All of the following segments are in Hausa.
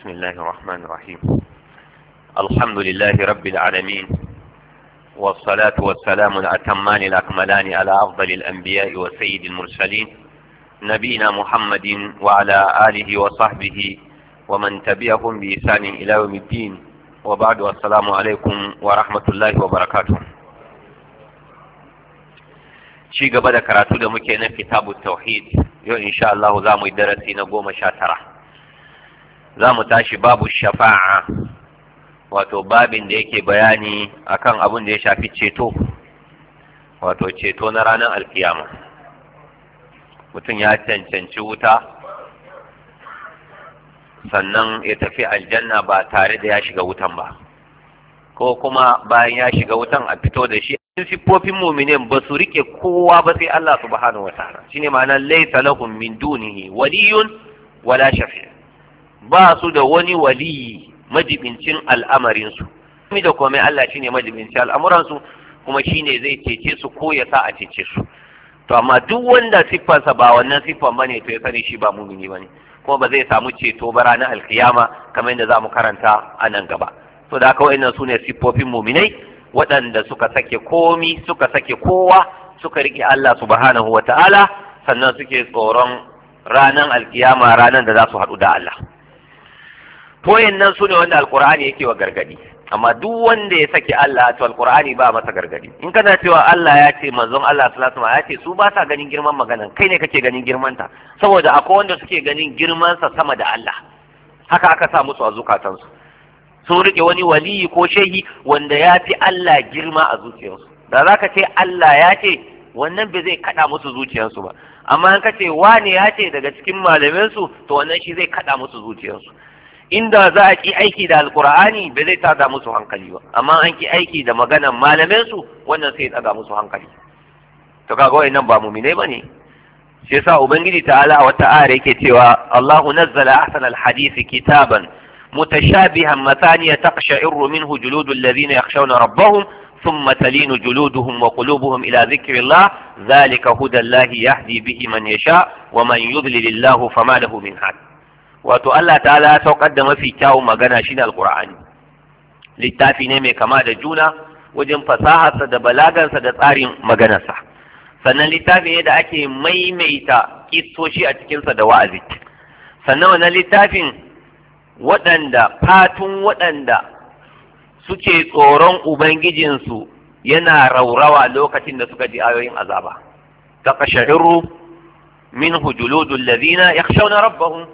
بسم الله الرحمن الرحيم الحمد لله رب العالمين والصلاة والسلام الأتمان الأكملان على أفضل الأنبياء وسيد المرسلين نبينا محمد وعلى آله وصحبه ومن تبعهم بإحسان إلى يوم الدين وبعد السلام عليكم ورحمة الله وبركاته شيء قبل كراتو karatu da muke na kitabu tauhid yau insha Allah za mu za mu tashi babu shafa'a wato babin da yake bayani akan abin da ya shafi ceto wato ceto na ranar alkiyama mutum ya cancanci wuta sannan ya tafi aljanna ba tare da ya shiga wutan ba ko kuma bayan ya shiga wutan a fito da shi cikin siffofin muminin ba su rike kowa ba sai Allah subhanahu wa ta'ala shine ma'ana laysa lahum min dunihi waliyun wala shafi' ba su da wani waliyi majibincin al'amarinsu kuma da komai Allah shine majibincin al'amuransu kuma shine zai cece su ko ya sa a cece su to amma duk wanda siffarsa ba wannan siffan bane to ya sani shi ba mumini bane kuma ba zai samu ceto ba ranar alkiyama kamar yadda za mu karanta a nan gaba to da haka wa'annan su ne siffofin muminai waɗanda suka sake komi suka sake kowa suka riƙe Allah subhanahu wa ta'ala sannan suke tsoron ranar alkiyama ranar da za su haɗu da Allah to nan su ne wanda alkur'ani yake wa gargadi amma duk wanda ya saki Allah to alkur'ani ba masa gargadi in kana cewa Allah ya ce manzon Allah sallallahu alaihi ya ce su ba sa ganin girman maganan kai ne kake ganin girmanta saboda akwai wanda suke ganin girman sa sama da Allah haka aka sa musu a su sun rike wani waliyi ko shehi wanda ya fi Allah girma a zuciyarsu da za ce Allah ya ce wannan bai zai kaɗa musu zuciyarsu ba amma in ka ce wane ya ce daga cikin malaminsu to wannan shi zai kada musu zuciyarsu inda za a ki aiki da alkur'ani ba zai tada musu hankali ba amma an ki aiki da maganan malamin su wannan sai tada musu hankali to kaga wayannan ba mu'mine bane sai yasa ubangiji ta'ala a wata ayar yake cewa Allahu nazzala ahsanal hadith kitaban mutashabihan mathaniya taqsha'iru minhu juludul ladina yakhshawna rabbahum ثم تلين جلودهم وقلوبهم إلى ذكر الله ذلك هدى الله يهدي به من يشاء ومن يضلل الله فما له من حد wato Allah ta'ala ya saukar da mafi kyawun magana shine Alƙur'ani. littafi ne mai kama da juna wajen fasaharsa da balagansa da tsarin maganarsa sannan littafi ne da ake maimaita kistoshi a cikinsa da wa'azi sannan wannan littafin waɗanda fatun waɗanda suke tsoron ubangijinsu yana raurawa lokacin da suka ji ayoyin azaba ta ƙashahiru min hujuludul ladina yakhshawna rabbahum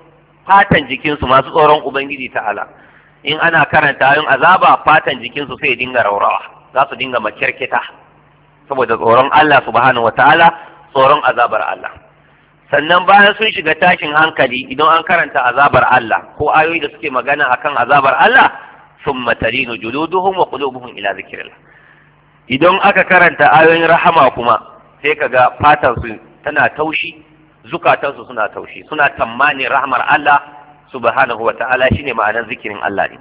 fatan jikinsu masu tsoron ubangiji ta'ala in ana karanta ayon azaba fatan jikinsu sai dinga raurawa za su dinga makirkita saboda tsoron Allah subhanahu wataala tsoron azabar Allah sannan bayan sun shiga tashin hankali idan an karanta azabar Allah ko ayoyi da suke magana akan azabar Allah sun talinu juluduhum wa qulubuhum ila zikrillah idan aka karanta ayoyin rahama kuma sai kaga fatan su tana taushi zukatansu suna taushe, suna tammanin rahmar Allah subhanahu ta'ala shine ma'anar zikirin Allah ne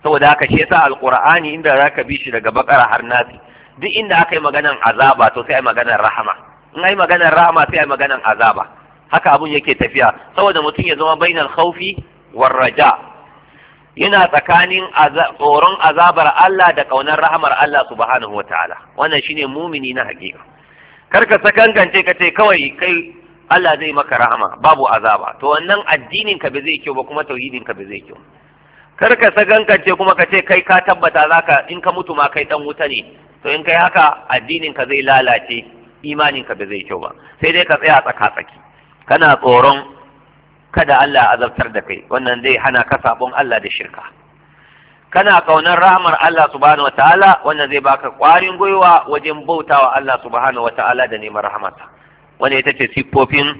saboda haka shi yasa alqur'ani inda zaka bi shi daga bakara har nasi duk inda aka yi maganar azaba to sai ai maganar rahama in ai maganar rahama sai ai maganar azaba haka abun yake tafiya saboda mutum ya zama bainal khawfi war raja yana tsakanin tsoron azabar Allah da kaunar rahamar Allah subhanahu ta'ala. wannan shine mumini na hakika karka sakangance ka ce kawai kai Allah zai maka rahama babu azaba to wannan addinin ka bai zai kyau ba kuma tauhidin ka bai zai kyau kar ka ce kuma ka ce kai ka tabbata zaka in ka mutu ma kai dan wuta ne to in kai haka addinin ka zai lalace imanin ka bai zai kyau ba sai dai ka tsaya tsaka tsaki kana tsoron kada Allah azabtar da kai wannan zai hana ka sabon Allah da shirka kana kaunar rahmar Allah subhanahu wataala wannan zai baka kwarin gwiwa wajen bautawa Allah subhanahu wataala da neman rahmata Wani ita ce siffofin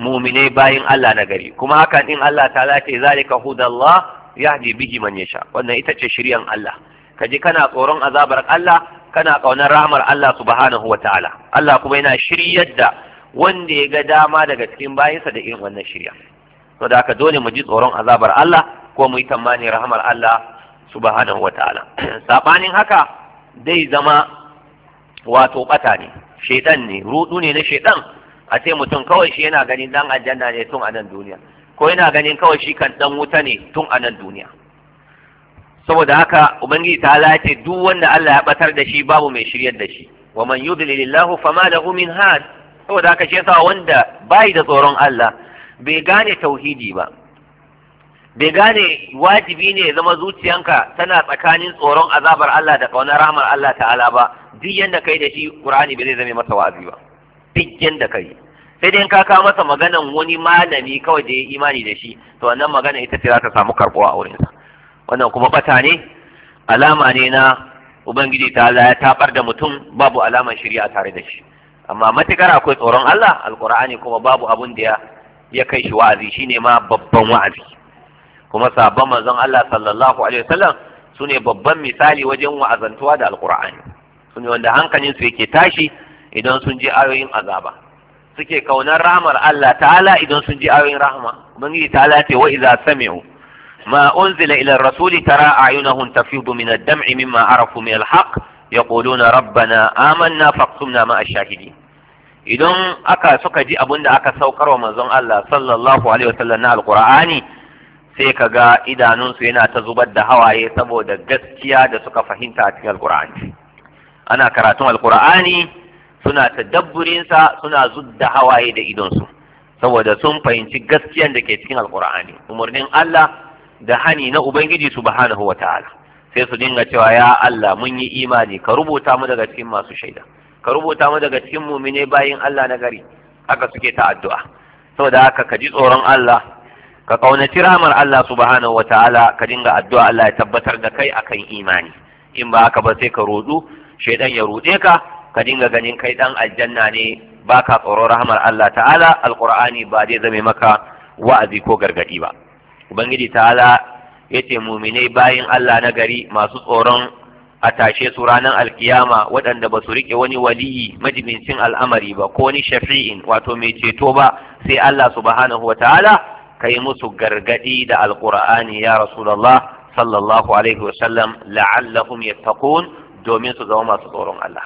mumine bayin Allah na gari kuma hakan in Allah ta lace zalika hudallah yahdi bihi man yasha wannan ita ce shiryan Allah kaji kana tsoron azabar Allah kana kaunar rahmar Allah subhanahu wataala Allah kuma yana shiryar da wanda ya ga dama daga cikin bayinsa da irin wannan shirya to da haka dole mu ji tsoron azabar Allah ko mu yi tamani rahmar Allah subhanahu wataala sabanin haka dai zama wato bata ne shaitan ne rudu ne na shaitan a ce mutum kawai shi yana ganin dan aljanna ne tun a nan duniya ko yana ganin kawai shi kan dan wuta ne tun a nan duniya saboda haka ubangiji ta halace duk wanda Allah ya batar da shi babu mai shiryar da shi wa man yudlilillahu fama lahu min had saboda haka shi yasa wanda bai da tsoron Allah bai gane tauhidi ba bai gane wajibi ne zama zuciyanka tana tsakanin tsoron azabar Allah da kaunar rahmar Allah ta'ala ba duk yanda kai da shi Qur'ani bai zai zame masa wa'azi ba duk yanda kai sai dai ka kawo masa maganan wani malami kawai da ya imani da shi to wannan magana ita ce za ta samu karbuwa a wurinsa wannan kuma bata ne alama ne na ubangiji ta ya tabar da mutum babu alaman shari'a tare da shi amma matukar akwai tsoron Allah alqur'ani kuma babu abun da ya kai shi wa'azi shine ma babban wa'azi kuma sabon manzon Allah sallallahu alaihi wasallam su babban misali wajen wa'azantuwa da alkur'ani su ne wanda su yake tashi idan sun ji ayoyin azaba suke kaunar rahmar Allah ta'ala idan sun ji ayoyin rahma ubangiji ta'ala ce wa idza sami'u ma unzila ila ar-rasul tara a'yunahum tafidu min ad-dam'i mimma arafu min al-haq yaquluna rabbana amanna faqtumna ma ash-shahidin idan aka suka ji abinda aka saukarwa manzon Allah sallallahu alaihi wasallam na alkur'ani sai ka ga idanunsu yana ta zubar da hawaye saboda gaskiya da suka fahimta a cikin alkur'ani ana karatun alkur'ani suna ta tadabburinsa suna zudda hawaye da idonsu saboda sun fahimci gaskiyan da ke cikin alkur'ani umarnin Allah da hani na ubangiji subhanahu ta'ala. sai su dinga cewa ya Allah mun yi imani ka rubuta mu daga cikin masu shaida ka rubuta mu daga cikin mumine bayin Allah na gari haka suke ta addu'a saboda haka ka ji tsoron Allah ka kaunaci rahmar Allah subhanahu wa ta'ala ka dinga addu'a Allah ya tabbatar da kai akan imani in ba haka ba sai ka rudu shaidan ya rude ka ka dinga ganin kai dan aljanna ne baka tsoro rahmar Allah ta'ala alqur'ani ba zai zame maka wa'azi ko gargadi ba ubangiji ta'ala yace muminai bayin Allah na gari masu tsoron a tashe su ranar alkiyama waɗanda ba su riƙe wani waliyi majibincin al'amari ba ko wani shafi'in wato mai ceto ba sai Allah subhanahu ta'ala kai musu gargadi da alqur'ani ya rasulullah sallallahu alaihi wa sallam la'allahum yattaqun domin su zama masu tsoron Allah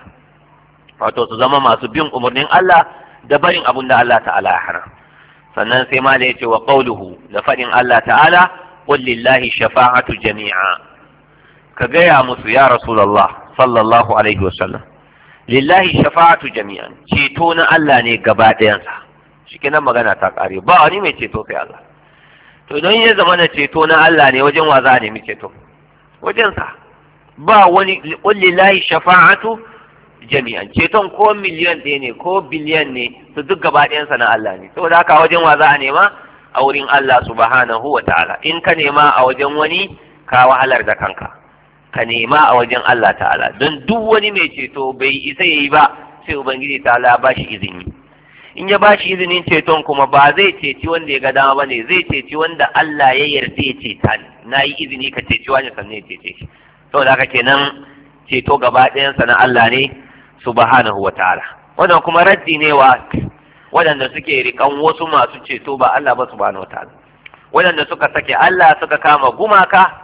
wato su zama masu bin umarnin Allah da barin abun da Allah ta'ala ya hana sannan sai ma da yace wa qawluhu da fadin Allah ta'ala qul lillahi shafa'atu jami'a ka gaya musu ya rasulullah sallallahu alaihi wa sallam lillahi shafa'atu jami'an ceto na Allah ne gaba ɗayansa shikenan magana ta kare ba wani mai ceto sai Allah to idan ya zama na ceto na Allah ne wajen wa za a nemi ceto wajen sa ba wani lillahi shafa'atu jami'an ceton ko miliyan ɗaya ne ko biliyan ne su duk gaba sa na Allah ne saboda haka wajen wa za a nema a wurin Allah subhanahu wa ta'ala in ka nema a wajen wani ka wahalar da kanka ka nema a wajen Allah ta'ala don duk wani mai ceto bai isa yi ba sai ubangiji ta'ala ba shi izini in ya bashi izinin ceton kuma ba zai ceci wanda ya ga dama bane zai ceci wanda Allah ya yarda ya ceta na yi izini ka ceci wani sannan ya cece shi saboda haka kenan ceto gaba ɗayansa na Allah ne subhanahu ta'ala wannan kuma raddi ne wa waɗanda suke riƙan wasu masu ceto ba Allah ba subhanahu ta'ala waɗanda suka sake Allah suka kama gumaka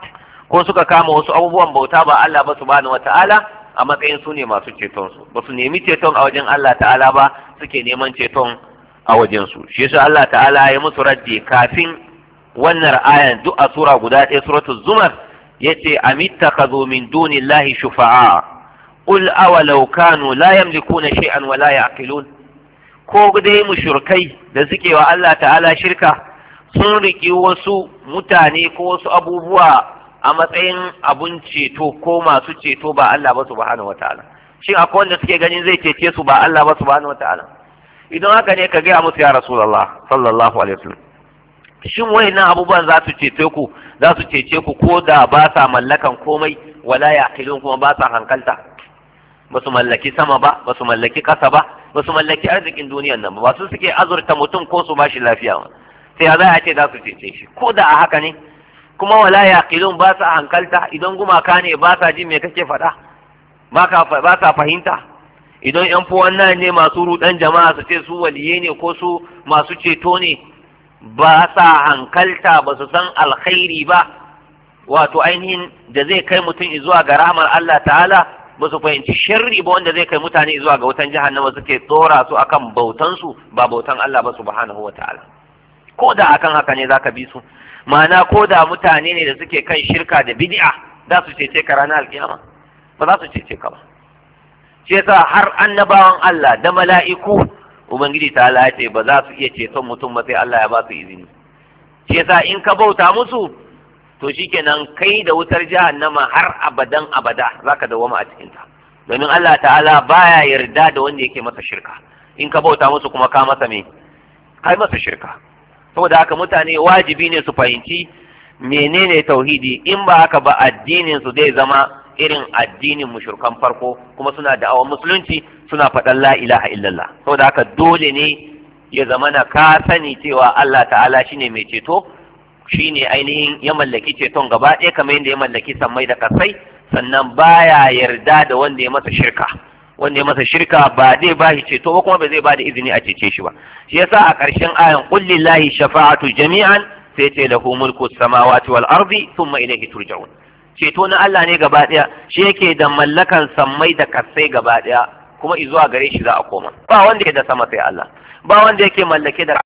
ko suka kama wasu abubuwan bauta ba Allah ba subhanahu ta'ala a matsayin su ne masu ceton su ba su nemi ceton a wajen Allah ta'ala ba suke neman ceton a wajen su shi yasa Allah ta'ala ya musu raddi kafin wannan ayan duk a sura guda ɗaya suratu zumar yace amittakhadhu min dunillahi shufa'a qul awalau kanu la yamlikuna shay'an wa la ya'qilun ko dai mushrikai da suke wa Allah ta'ala shirka sun riki wasu mutane ko wasu abubuwa a matsayin abun ceto ko masu ceto ba Allah ba subhanahu wataala shin akwai wanda suke ganin zai cece su ba Allah ba subhanahu wataala idan haka ne ka gaya musu ya rasulullah sallallahu alaihi wasallam shin wayannan abubuwan za su cece ku za su cece ku ko da ba sa mallakan komai wala yaqilun kuma ba sa hankalta ba su mallaki sama ba ba su mallaki kasa ba ba su mallaki arzikin duniyan nan ba su suke azurta mutum ko su bashi lafiya ba sai za a ce za su cece shi ko da a haka ne kuma wala yaqilun ba sa hankalta idan gumaka ne ba sa jin me kake faɗa ba sa fahimta idan yan nan ne masu rudan jama'a su ce su waliye ne ko su masu ceto ne ba sa hankalta ba su san alkhairi ba wato ainihin da zai kai mutum zuwa ga rahmar Allah ta'ala ba su fahimci sharri ba wanda zai kai mutane zuwa ga wutan jahannama suke tsora su akan bautansu ba bautan Allah ba subhanahu wa ta'ala ko da akan haka ne zaka bi su ma'ana ko da mutane ne da suke kan shirka da bid'a za su cece ka ranar alkiyama ba za su cece ka ba shi yasa har annabawan Allah da mala'iku ubangiji ta Allah ya ce ba za su iya ceton mutum ba sai Allah ya ba su izini shi yasa in ka bauta musu to shikenan kai da wutar jahannama har abadan abada zaka dawoma a cikin ta domin Allah ta'ala baya yarda da wanda yake masa shirka in ka bauta musu kuma ka masa me kai masa shirka saboda haka mutane wajibi ne su fahimci menene tauhidi in ba haka ba addinin su zai zama irin addinin mushurkan farko kuma suna da'awar musulunci suna faɗan la ilaha illallah saboda haka dole ne ya zama na ka sani cewa Allah ta'ala shine mai ceto shine ainihin ya mallaki ceton gaba ɗaya kamar yadda ya mallaki sammai da kasai sannan baya yarda da wanda ya masa shirka wanda ya masa shirka ba zai ba shi ceto ba kuma ba zai ba da izini a cece shi ba shi yasa a ƙarshen ayan qul lillahi shafa'atu jami'an sai ce lahu mulku samawati wal ardi thumma ilayhi turja'un ceto na Allah ne gaba daya shi yake da mallakan sammai da kasai gaba daya kuma izuwa gare shi za a koma ba wanda yake da sama sai Allah ba wanda yake mallake da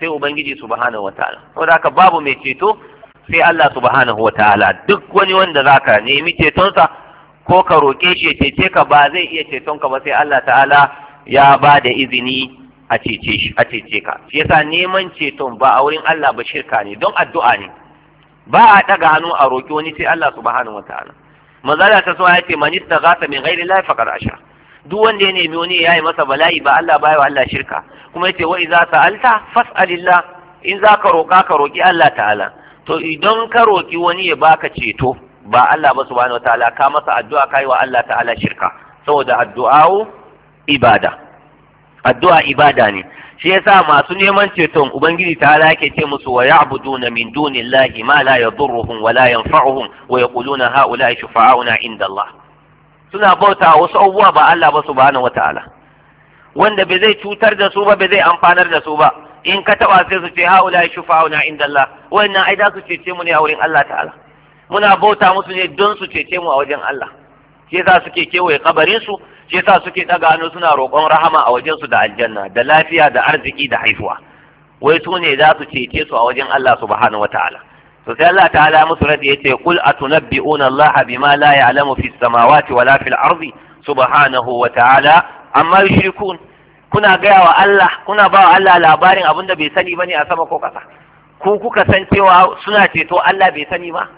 sai ubangiji subhanahu wataala saboda haka babu mai ceto sai Allah subhanahu wataala duk wani wanda zaka nemi cetonsa ko ka roƙe shi ya cece ka ba zai iya ceton ka ba sai Allah ta'ala ya ba da izini a cece shi a cece ka shi yasa neman ceton ba a wurin Allah ba shirka ne don addu'a ne ba a daga hannu a roƙi wani sai Allah subhanahu wataala manzala ta so ya ce man istaghatha min ghairi la faqad asha duk wanda ya nemi wani yayi masa bala'i ba Allah ba wa Allah shirka kuma yace wa idza sa'alta fas'alillah in zaka roƙa ka roƙi Allah ta'ala to idan ka roƙi wani ya baka ceto ba Allah ba subhanahu wataala ka masa addu'a kai wa Allah ta'ala shirka saboda addu'a ibada addu'a ibada ne shi yasa masu neman ceton ubangiji ta ala yake ce musu wa ya'buduna min dunillahi ma la yadurruhum wa la yanfa'uhum wa yaquluna haula shufa'auna inda Allah suna bauta wasu abubuwa ba Allah ba subhanahu wataala wanda bai zai cutar da su ba bai zai amfanar da su ba in ka taba sai su ce haula shufa'auna inda Allah wannan ai da su ce mu ne a wurin Allah ta'ala muna bauta musu ne don su cece mu a wajen Allah shi yasa suke kewaye kabarin su shi yasa suke daga hannu suna roƙon rahama a wajen su da aljanna da lafiya da arziki da haifuwa wai su ne za su cece su a wajen Allah subhanahu wataala to sai Allah ta'ala musu radi yace kul atunabbi'una Allah bima la ya'lamu fi samawati wala fil ardi subhanahu wataala amma yushrikun kuna gaya wa Allah kuna ba wa Allah labarin abin da bai sani bane a sama ko ƙasa ku kuka san cewa suna ceto Allah bai sani ba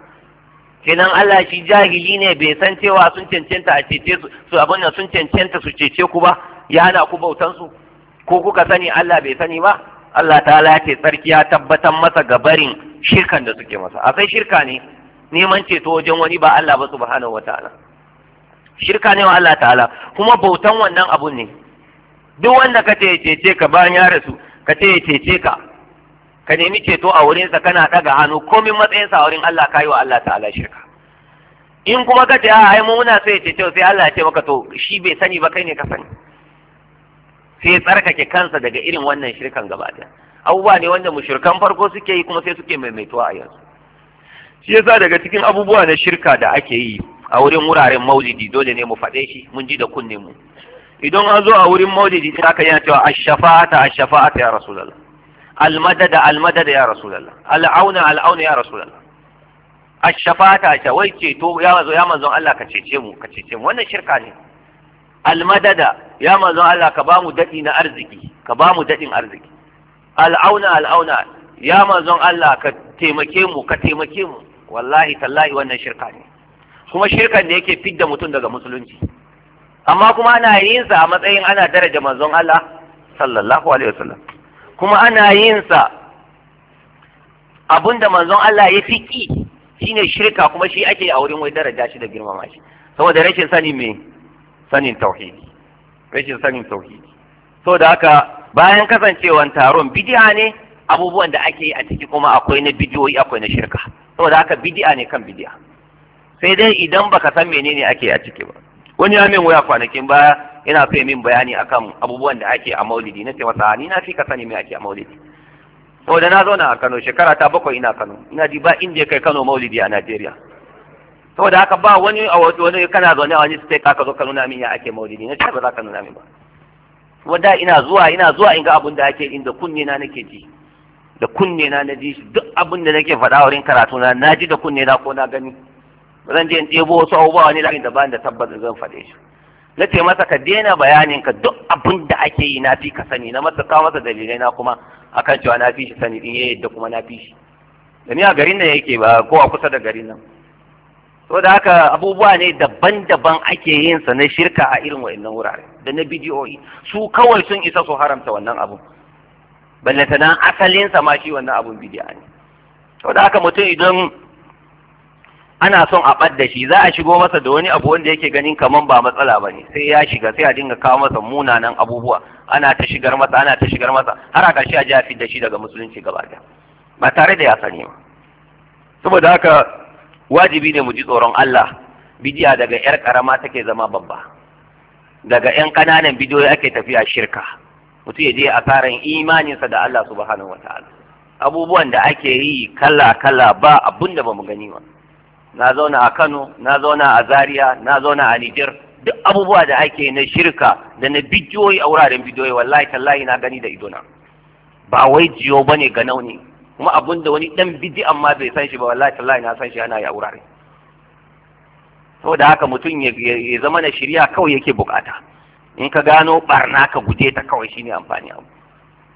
kenan Allah shi jahili ne bai san cewa sun cancanta a cece su su abin da sun cancanta su cece ku ba ya hana ku bautan su ko kuka sani Allah bai sani ba Allah ta'ala ya ce sarki ya tabbatar masa gabarin shirkan da suke masa a sai shirka ne neman ceto wajen wani ba Allah ba subhanahu wataala shirka ne wa Allah ta'ala kuma bautan wannan abun ne duk wanda ka ce ya cece ka bayan ya rasu ka ce ya cece ka ka nemi ceto a wurinsa kana ɗaga hannu komin matsayinsa a wurin Allah ka yi wa Allah ta'ala shirka in kuma ka ce ai mu muna so ya ce sai Allah ya ce maka to shi bai sani ba kai ne ka sani sai ya tsarkake kansa daga irin wannan shirkan gaba ɗaya abubuwa ne wanda mushrikan farko suke yi kuma sai suke maimaituwa a yanzu shi yasa daga cikin abubuwa na shirka da ake yi a wurin wuraren maulidi dole ne mu faɗe shi mun ji da kunne mu idan an zo a wurin maulidi sai aka yana cewa ash-shafa'ata Ashafa!" ta ya rasulallah. المدد المدد يا رسول الله العون العون يا رسول الله الشفاعة شوي تشيتو يا مزو يا مزو الله كتشيتشي مو كتشيتشي مو wannan shirka ne almadada ya manzo Allah ka bamu dadi na arziki ka bamu dadin arziki al'auna al'auna ya manzon Allah ka taimake mu ka taimake mu wallahi tallahi wannan shirka ne kuma shirkan da yake fidda mutum daga musulunci amma kuma ana yin sa a matsayin ana daraja manzon Allah sallallahu alaihi wasallam kuma ana yin sa abinda manzon Allah ya fiki shine shirka kuma shi ake a wurin wai daraja shi da girmama shi saboda rashin sani mai sanin tauhidi rashin sanin tauhidi saboda haka bayan kasancewan taron bid'a ne abubuwan da ake yi a ciki kuma akwai na bidiyoyi akwai na shirka saboda haka bid'a ne kan bid'a sai dai idan baka san menene ake a ciki ba wani ya min waya kwanakin baya yana so min bayani akan abubuwan da ake a maulidi na ce masa ni na fi ka sani me ake a maulidi saboda na zauna a Kano shekara ta bakwai ina Kano ina ji ba inda kai Kano maulidi a Najeriya saboda haka ba wani a wato wani kana zaune a wani state ka zo ka na min ya ake maulidi na ce ba za ka nuna min ba wanda ina zuwa ina zuwa in ga abun da ake inda kunne na nake ji da kunne na na ji duk abin da nake faɗa wurin karatu na na ji da kunne na ko na gani zan je in ɗebo wasu abubuwa ne da ba da tabbas zan faɗe shi na ce masa ka daina bayanin ka duk abin da ake yi na fi ka sani na masa kawo masa dalilai na kuma akan cewa na fi shi sani in yayi da kuma na fi shi da ni a garin nan yake ba ko a kusa da garin nan to da haka abubuwa ne daban-daban ake yin sa na shirka a irin wa'annan wurare da na bidiyoyi su kawai sun isa su haramta wannan abu ta nan asalin sa ma shi wannan abun bidiya ne to da haka mutum idan ana son a ɓadda shi za a shigo masa da wani abu wanda yake ganin kaman ba matsala ba ne sai ya shiga sai a dinga kawo masa munanan abubuwa ana ta shigar masa ana ta shigar masa har a ƙarshe a ji a da shi daga musulunci gaba ɗaya ba tare da ya sani ba saboda haka wajibi ne mu ji tsoron Allah bidiya daga yar karama take zama babba daga yan ƙananan bidiyoyi ake tafiya shirka mutum ya je tsarin imaninsa da Allah subhanahu wataala abubuwan da ake yi kala kala ba abun da ba mu gani ba na zauna a Kano na zauna a Zaria na zauna a Niger duk abubuwa da ake na shirka da na bidiyoyi a wuraren bidiyoyi wallahi tallahi na gani da idona ba wai jiyo ba ne ga nauni kuma abun da wani dan bidi amma bai san shi ba wallahi tallahi na san shi yana ya wurare saboda haka mutum ya zama na shirya kawai yake bukata in ka gano barna ka guje ta kawai shine amfani abu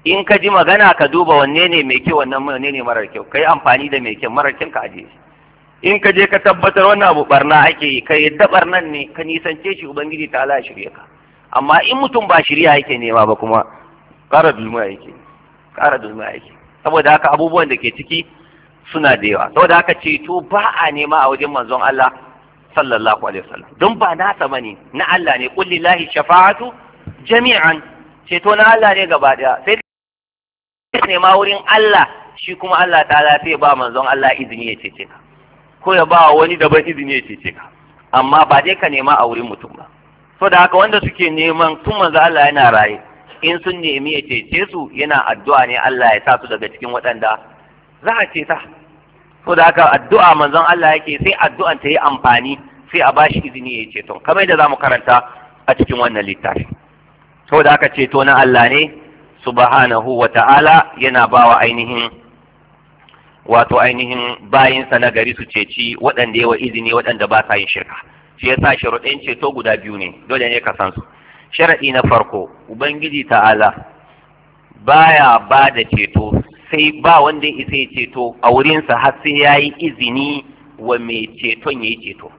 in ka ji magana ka duba wanne ne mai kyau wannan wanne ne marar kyau kai amfani da mai kyau marar kyau ka ajiye shi in ka je ka tabbatar wannan abu barna ake yi ka yadda barnan ne ka nisance shi ubangiji ta ala shirya ka amma in mutum ba shirya yake nema ba kuma ƙara dulma yake ƙara dulma yake saboda haka abubuwan da ke ciki suna da yawa saboda haka ceto ba a nema a wajen manzon Allah sallallahu alaihi wasallam don ba nasa bane na Allah ne qul lillahi shafa'atu jami'an ceto na Allah ne gaba daya sai nema wurin Allah shi kuma Allah ta'ala sai ba manzon Allah izini ya cece ka ko ya ba wani daban izini ya cece ka amma ba dai ka nema a wurin mutum ba so da haka wanda suke neman tun manzo Allah yana raye in sun nemi ya cece su yana addu'a ne Allah ya sa su daga cikin waɗanda za a ceta so da haka addu'a manzon Allah yake sai addu'an ta yi amfani sai a ba shi izini ya ceto kamar yadda zamu karanta a cikin wannan littafi da haka ceto na Allah ne subhanahu wa ta'ala yana bawa ainihin wato ainihin bayinsa na gari su ceci waɗanda yawa izini waɗanda ba sa yin shirka shi yasa sharuɗin ceto guda biyu ne dole ne ka san su sharaɗi na farko ubangiji ta'ala baya ba da ceto sai ba wanda ya isa ya ceto a wurinsa har sai ya yi izini wa mai ceton ya yi ceto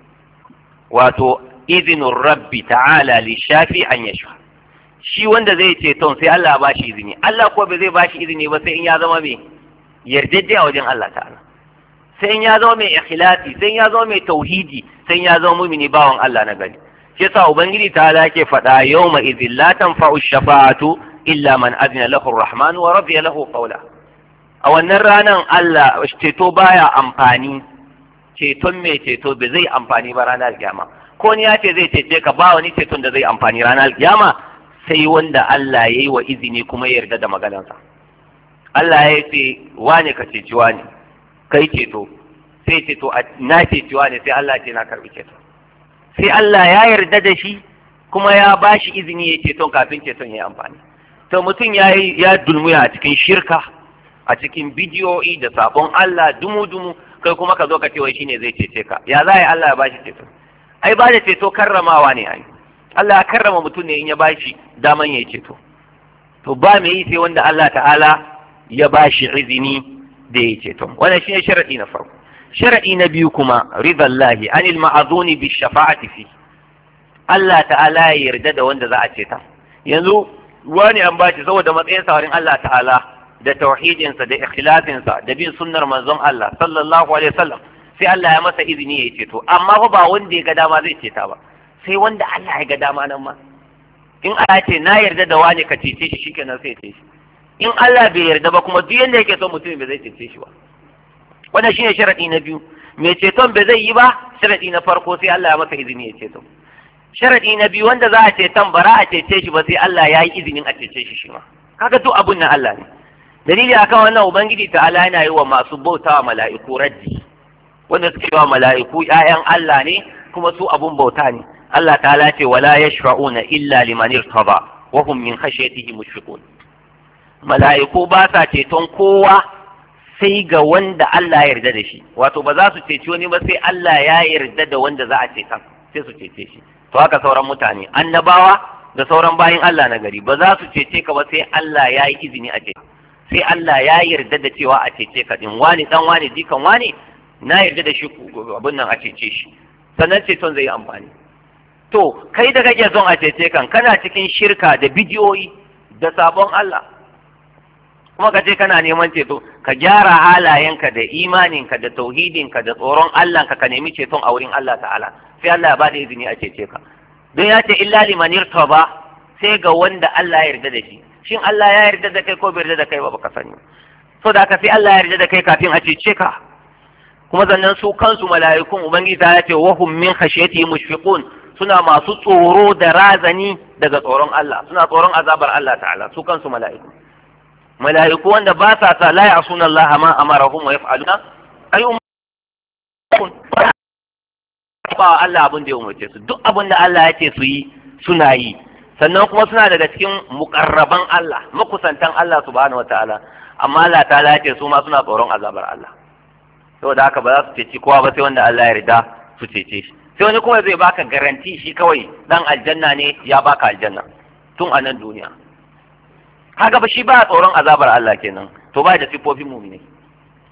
wato izinin rabbi ta'ala li shafi an yashu shi wanda zai ceton sai Allah ba shi izini Allah ko ba zai ba shi izini ba sai in ya zama mai yardajje a wajen Allah ta'ala sai in ya zo mai ikhlasi sai in ya zo mai tauhidi sai in ya zo mumini bawon Allah na gari shi yasa ubangiji ta'ala yake fada yawma idhil la tanfa'u shafa'atu illa man azina lahu ar-rahman wa radiya lahu qawla a wannan ranan Allah ceto baya amfani ceton mai ceto bai zai amfani ba ranar alkiyama ko ni ya ce zai cece ka ba wani ceton da zai amfani ranar alkiyama sai wanda Allah ya yi wa izini kuma ya yarda da maganarsa. Allah ya ce wane ka ceci wane kai ceto sai ceto na ceci wane sai Allah ce na karbi ceto sai Allah ya yarda da shi kuma ya ba shi izini ya ceton kafin ceton ya yi amfani to mutum ya ya dulmuya a cikin shirka a cikin bidiyoyi da sabon Allah dumu-dumu kai kuma ka zo ka ce wai shine zai cece ka ya za a yi Allah ya ba shi ceto ai ba da ceto karramawa ne ai Allah ya karrama mutum ne in ya ba shi daman ya yi ceto to ba mai yi sai wanda Allah ta'ala ya ba shi izini da ya ceto wannan shine sharadi na farko sharadi na biyu kuma ridallahi anil ma'azuni bi shafa'ati fi Allah ta'ala ya yarda da wanda za a ceta yanzu wani an ba shi saboda matsayin saurin Allah ta'ala da sa da sa da bin sunnar manzon Allah sallallahu alaihi wasallam sai Allah ya masa izini ya ceto amma fa ba wanda ya ga dama zai ceta ba sai wanda Allah ya ga dama nan ma in Allah ce na yarda da wani ka cece shi shikenan sai ya cece in Allah bai yarda ba kuma duk yanda yake son mutumin bai zai cece shi ba wannan shine sharadi na biyu me ceton bai zai yi ba sharadi na farko sai Allah ya masa izini ya ceto sharadi na biyu wanda za a ceton ba za a cece shi ba sai Allah ya yi izinin a cece shi shi ma kaga duk abun nan Allah ne dalili akan wannan ubangiji ta Allah yana yi wa masu bautawa mala'iku raddi wanda suke wa mala'iku ƴaƴan Allah ne kuma su abun bauta ne Allah ta'ala ce wala yashfa'una illa liman irtaba wa hum min khashyatihi mushfiqun mala'iku ba sa ceton kowa sai ga wanda Allah ya yarda da shi wato ba za su ceci wani ba sai Allah ya yarda da wanda za a ceta sai su cece shi to haka sauran mutane annabawa da sauran bayin Allah na gari ba za su cece ka ba sai Allah ya yi izini a ce sai Allah ya yarda da cewa a cece ka din wani dan wani dikan wani na yarda da shi abin nan a cece shi sannan ceton zai yi amfani to kai da kake son a cece kan kana cikin shirka da bidiyoyi da sabon Allah kuma ka ce kana neman ceto ka gyara halayenka da imaninka da tauhidinka da tsoron Allah ka nemi ceton a wurin Allah ta'ala sai Allah ya bada izini a cece ka don ya ce illa liman irtaba sai ga wanda Allah ya yarda da shi shin Allah ya yarda da kai ko bai yarda da kai ba baka sani so da ka sai Allah ya yarda da kai kafin a cece ka kuma sannan su kansu mala'ikun ubangiji ta ya ce wahum min khashyati mushfiqun suna masu tsoro da razani daga tsoron Allah suna tsoron azabar Allah ta'ala su kansu mala'ikun. mala'iku wanda ba sa sa la ya'suna Allah ma amarahum wa yaf'aluna um, ba Allah abin da ya umarce su duk abin da Allah ya su yi suna yi sannan kuma suna daga cikin mukarraban Allah makusantan Allah subhanahu wataala amma Allah ta ya su ma suna tsoron azabar Allah saboda haka ba za su ceci kowa ba sai wanda Allah ya rida su cece shi sai wani kuma zai baka garanti shi kawai dan aljanna ne ya baka aljanna tun a nan duniya kaga ba shi ba tsoron azabar Allah kenan to ba da siffofin mumine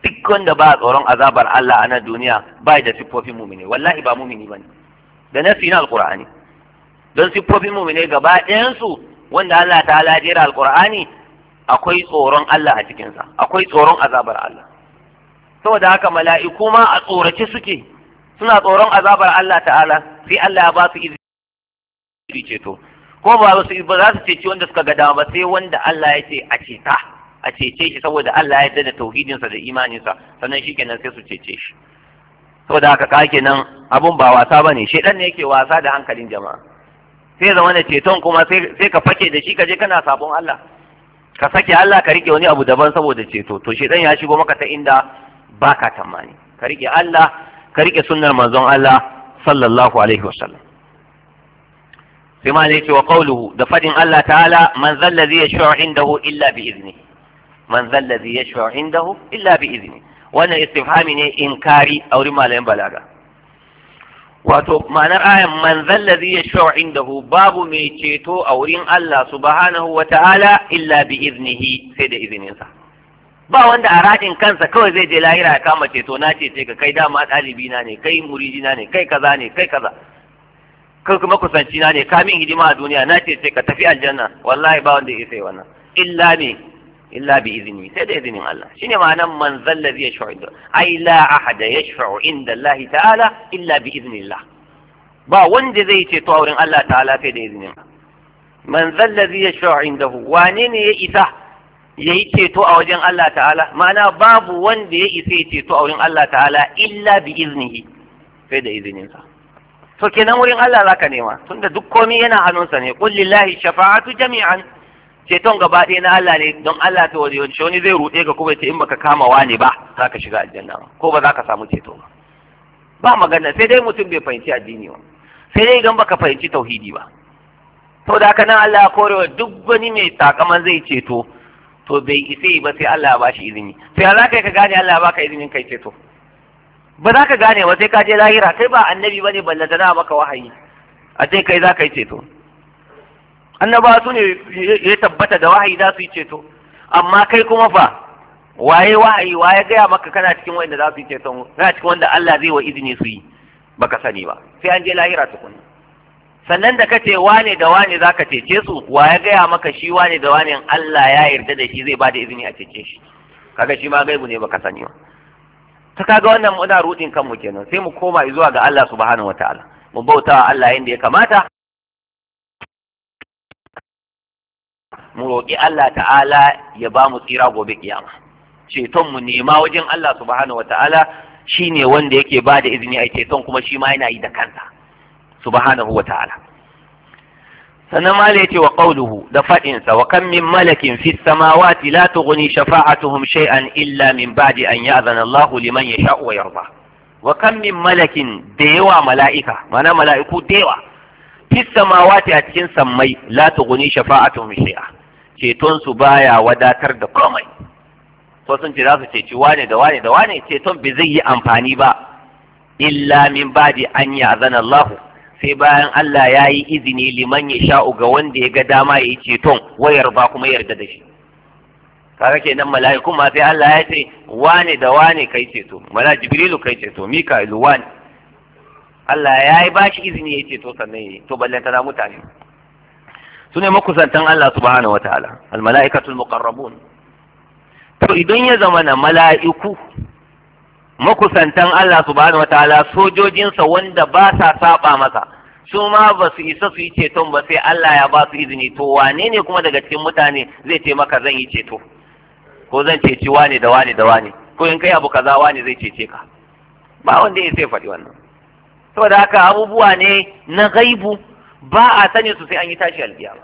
duk da ba tsoron azabar Allah a nan duniya ba da siffofin mumine wallahi ba mumini bane da nafi na alqur'ani don siffofin mumine gaba ɗayan su wanda Allah ala jira alqur'ani akwai tsoron Allah a cikin sa akwai tsoron azabar Allah saboda haka mala'iku ma a tsorace suke suna tsoron azabar Allah ta'ala sai Allah ya ba su izini ceto ko ba su ba za su ceci wanda suka ga dama ba sai wanda Allah ya ce a ceta a cece shi saboda Allah ya yarda da tauhidinsa da imaninsa sannan shikenan sai su cece shi saboda haka ka kenan abun ba wasa bane shedan ne yake wasa da hankalin jama'a sai zama da ceton kuma sai ka fake da shi kaje kana sabon Allah ka sake Allah ka rike wani abu daban saboda ceto to shedan ya shigo maka ta inda baka tamani ka rike Allah ka rike sunnar manzon Allah sallallahu alaihi wasallam sai ma ne wa qawluhu da fadin Allah ta'ala man zallazi yashfa'u indahu illa bi izni man zallazi yashfa'u indahu illa bi izni wannan istifhami ne inkari a wurin malamin balaga wato ma'anar ayan man zallazi yashfa'u indahu babu mai ceto a wurin Allah subhanahu wa ta'ala illa bi iznihi sai da izininsa ba wanda a radin kansa kawai zai je lahira ya kama ceto na ce ka kai dama ɗalibi na ne kai muridina ne kai kaza ne kai kaza Kar kuma kusanci na ne ka min hidima a duniya na ce ka tafi aljanna wallahi ba wanda ya sai wannan illa me illa bi izini sai da izinin Allah shine ma'anan man zallazi yashfa'u ai la ahada yashfa'u inda Allah ta'ala illa bi iznillah ba wanda zai ce to wurin Allah ta'ala sai da izinin man zallazi yashfa'u indahu wane ne ya isa ya yi ceto a wajen Allah ta'ala ma'ana babu wanda ya isa ya ceto a wurin Allah ta'ala illa bi iznihi sai da izininsa to kenan wurin Allah zaka nema tunda duk komai yana hannunsa ne qul lillahi shafa'atu jami'an ceton gaba ɗaya na Allah ne don Allah ta wani yawanci wani zai ruɗe ka kuma ce in baka kama wani ba za ka shiga aljanna ko ba za ka samu ceto ba ba magana sai dai mutum bai fahimci addini ba sai dai idan baka fahimci tauhidi ba to da haka nan Allah ya korewa duk wani mai takaman zai ceto to bai isa ba sai Allah ya bashi izini sai za ka ka gane Allah ya baka izinin kai ceto ba za ka gane ba sai ka je lahira kai ba annabi ba ne na maka wahayi a ce kai za ka yi ceto annabawa su ne ya tabbata da wahayi za su yi ceto amma kai kuma fa waye wahayi waye gaya maka kana cikin wanda za su yi ceto kana cikin wanda Allah zai wa izini su yi baka sani ba sai an je lahira tukun sannan da kace wane da wane za ka cece su waye gaya maka shi wane da wane Allah ya yarda da shi zai bada izini a cece shi kaga shi ma gaibu ne baka sani ba ta kaga wannan muna rudin kanmu kenan sai mu koma zuwa ga Allah subhanahu wataala mu bauta wa Allah yadda ya kamata mu roƙi Allah ta'ala ya ba mu tsira gobe kiyama ceton mu nema wajen Allah subhanahu wataala shine wanda yake ba da izini a ceton kuma shi ma yana yi da kansa subhanahu wataala sannan ma ce wa qawluhu da faɗinsa wa kan min malakin fi samawati la tughni shafa'atuhum shay'an illa min ba'di an ya'zana Allahu liman yasha'u wa yarda wa kan min malakin da yawa mala'ika mana mala'iku da yawa fi samawati a cikin sammai la tughni shafa'atuhum shay'a ceton su baya wadatar da komai ko sun ce za su ceci wane da wane da wane ceton bai zai yi amfani ba illa min ba'di an ya'zana Allahu sai bayan Allah ya yi izini liman ya sha'u ga wanda ya ga dama ya yi ceton wayar ba kuma yarda da shi kaga kenan mala'ikun ma sai Allah ya ce wane da wane kai ceto mala jibrilu kai ceto mika'ilu wane Allah ya yi ba shi izini ya ceto sannan ya yi to ballanta tana mutane su ne makusantan Allah subhanahu wataala al mala'ikatul muqarrabun to idan ya zama na mala'iku makusantan Allah su subhanahu wataala sojojinsa wanda ba sa saba masa su ma ba su isa su yi ceton ba sai Allah ya ba su izini to wane ne kuma daga cikin mutane zai ce maka zan yi ceto ko zan ceci wane da wane da wane ko in kai abu kaza wane zai cece ka ba wanda ya sai faɗi wannan saboda haka abubuwa ne na gaibu ba a sani su sai an yi tashi alkiyama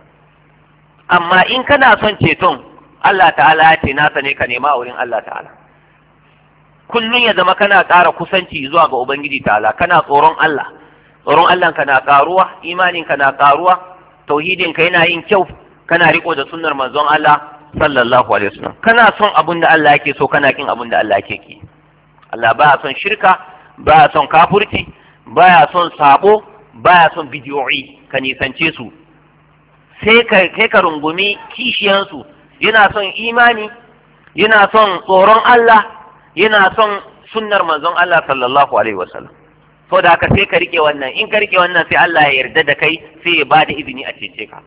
amma in kana son ceton Allah ta'ala ya ce nasa ne ka nema a wurin Allah ta'ala kullum ya zama kana ƙara kusanci zuwa ga ubangiji ta'ala kana tsoron Allah tsoron Allah ka na ƙaruwa imanin ka na ƙaruwa tauhidin ka yana yin kyau kana riko da sunnar manzon Allah sallallahu alaihi wasallam kana son abin da Allah yake so kana kin abin da Allah yake ki Allah ba son shirka ba son kafurci ba son sabo baya son bidiyoyi ka nisance su sai ka kai ka rungumi kishiyansu yana son imani yana son tsoron Allah yana son sunnar manzon Allah sallallahu alaihi wasallam to da haka sai ka rike wannan in ka rike wannan sai Allah ya yarda da kai sai ya bada izini a cece ka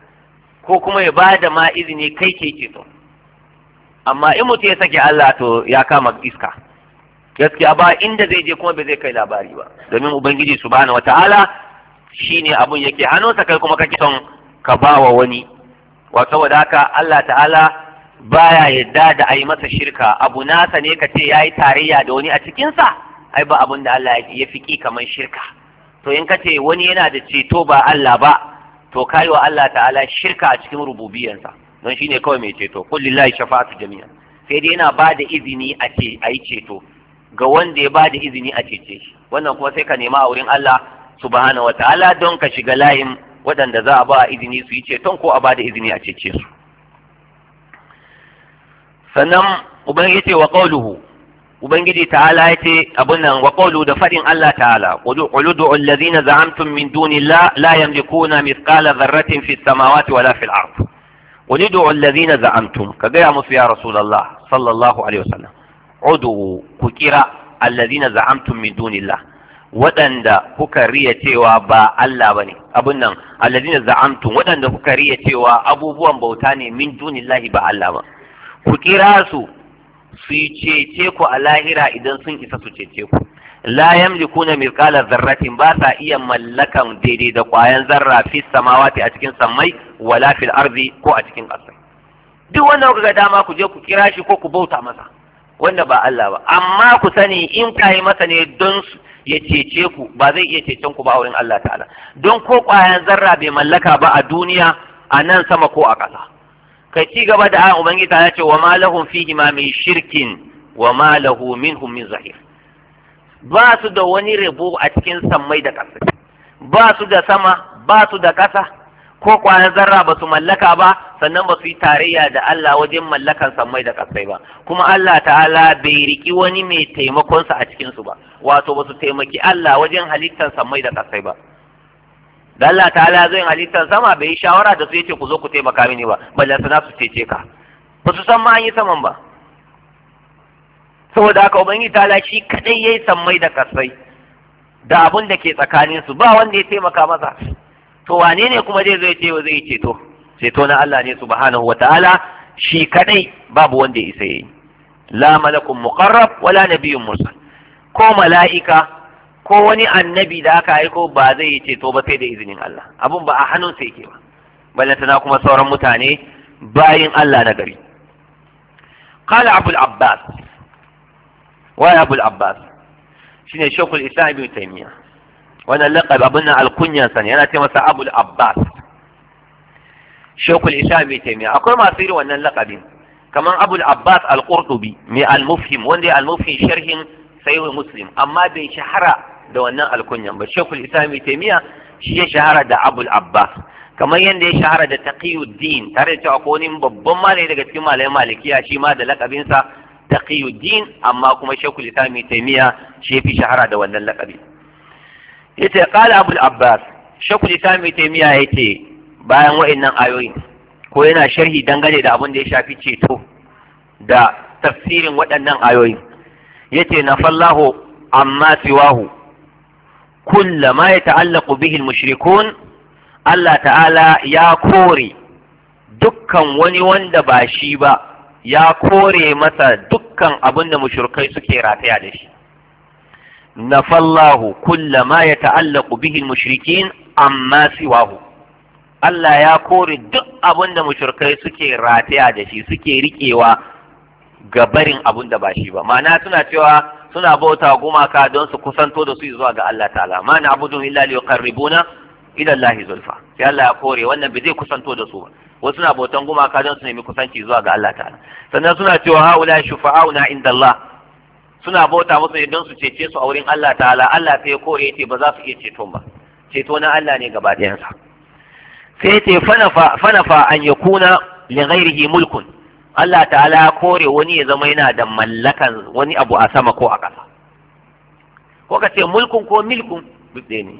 ko kuma ya bada ma izini kai ke ceto amma in mutum ya sake Allah to ya kama iska gaskiya ba inda zai je kuma bai zai kai labari ba domin ubangiji subhanahu wataala shine abun yake hannunsa kai kuma kake son ka bawa wani wato da haka Allah ta'ala baya yadda da a yi masa shirka abu nasa ne ka ce ya yi tarayya da wani a cikinsa ai ba abin da Allah ya fi ki kamar shirka to in ka ce wani yana da ceto ba Allah ba to ka wa Allah ta'ala shirka a cikin rububiyansa don shine kawai mai ceto kul lillahi shafa'atu jami'a sai dai yana ba da izini a ce a yi ceto ga wanda ya ba da izini a cece shi wannan kuma sai ka nema a wurin Allah subhanahu ta'ala don ka shiga layin waɗanda za a ba izini su yi ceton ko a ba da izini a cece su sannan ubangiji wa qawluhu ubangiji ta'ala yace abun wa qawlu da fadin Allah ta'ala qulu quludu allazina za'amtum min dunillah la yamlikuna mithqala dharratin fis samawati wala fil ard quludu allazina za'amtum ka gaya musu ya rasulullah sallallahu alaihi wasallam udu ku kira allazina za'amtum min dunillah waɗanda kuka riya cewa ba Allah bane abun nan allazina za'amtum waɗanda kuka riya cewa abubuwan bauta ne min dunillahi ba Allah ba ku kira su su yi cece ku a lahira idan sun isa su cece ku la na mithqala zarratin ba sa iya mallakan daidai da kwayan zarra fi samawati a cikin sammai wala fil arzi ko a cikin ƙasa duk wanda kuka ga dama ku je ku kira shi ko ku bauta masa wanda ba Allah ba amma ku sani in ka yi masa ne don ya cece ku ba zai iya cecen ku ba wurin Allah ta'ala don ko kwayan zarra bai mallaka ba a duniya a nan sama ko a ƙasa kai ci gaba da ayan ubangiji ta ce wa ma lahum fihi ma min shirkin wa ma lahu minhum min zahir ba su da wani rabo a cikin sammai da ƙasa ba su da sama ba su da ƙasa ko kwana zarra ba su mallaka ba sannan ba su yi tarayya da Allah wajen mallakan sammai da ƙasai ba kuma Allah ta'ala bai riki wani mai taimakonsa a cikinsu ba wato ba su taimaki Allah wajen halittar sammai da ƙasai ba da Allah ala zai halittar sama bai yi shawara da su yace ku zo ku taimaka mini ba ballan sana su cece ka ba su san ma an yi saman ba saboda haka ta ala shi kadai yayi sammai da kasai da abun da ke tsakanin su ba wanda ya taimaka masa to wane ne kuma zai zo zai ce zai ceto ceto na Allah ne subhanahu wataala shi kadai babu wanda ya isa yayi la malakun muqarrab wala nabiyyun mursal ko mala'ika ko wani annabi da aka aiko ba zai yi ceto ba sai da izinin Allah abun ba a hannun hannunsa yake ba ballantana kuma sauran mutane bayin Allah na gari qala abul abbas wa abul abbas shine shekul islam ibn taymiya wannan laqab abun nan alkunya san yana ce masa abul abbas shekul islam ibn taymiya akwai masu irin wannan laqabin kamar abul abbas al-qurtubi mai al-mufhim wanda al-mufhim sharhin sahih muslim amma bai shahara da wannan alkunyan ba shekul islami taimiya shi ya shahara da abul abbas kamar yadda ya shahara da taqiyuddin tare da cewa ko babban malami daga cikin malamin malikiya shi ma da sa taqiyuddin amma kuma shekul islami taimiya shi ya fi shahara da wannan lakabi yace qala abul abbas shekul islami taimiya yace bayan wa'annan ayoyi ko yana sharhi dangane da abin da ya shafi ceto da tafsirin waɗannan ayoyi yace na fallahu amma siwahu kulla ma ya ta'allaku bihi mushrikun Allah ta'ala ya kore dukkan wani wanda ba shi ba ya kore masa dukkan abin mushrikai suke rataya da shi nafallahu kulla ma ya ta'allaku bihi mushrikin amma siwahu Allah ya kore duk abin da mushrikai suke rataya da shi suke riƙewa ga barin abin da ba shi ba ma'ana suna cewa suna bauta gumaka don su kusanto da su zuwa ga Allah ta'ala ma na abudun illa li yuqarribuna ila Allah zulfa sai Allah ya kore wannan bai zai kusanto da su ba wasu suna bautan gumaka don su nemi kusanci zuwa ga Allah ta'ala sannan suna cewa haula shufauna inda Allah suna bauta musu ne don su cece su a wurin Allah ta'ala Allah sai ya kore yace ba za su iya ceto ba ceto na Allah ne gaba ɗayansa sai yace fanafa fanafa an yakuna li ghairihi mulkun Allah ta'ala ya kore wani ya zama yana da mallakan wani abu a sama ko a ƙasa ko ka ce mulkun ko milkun ɗaya ne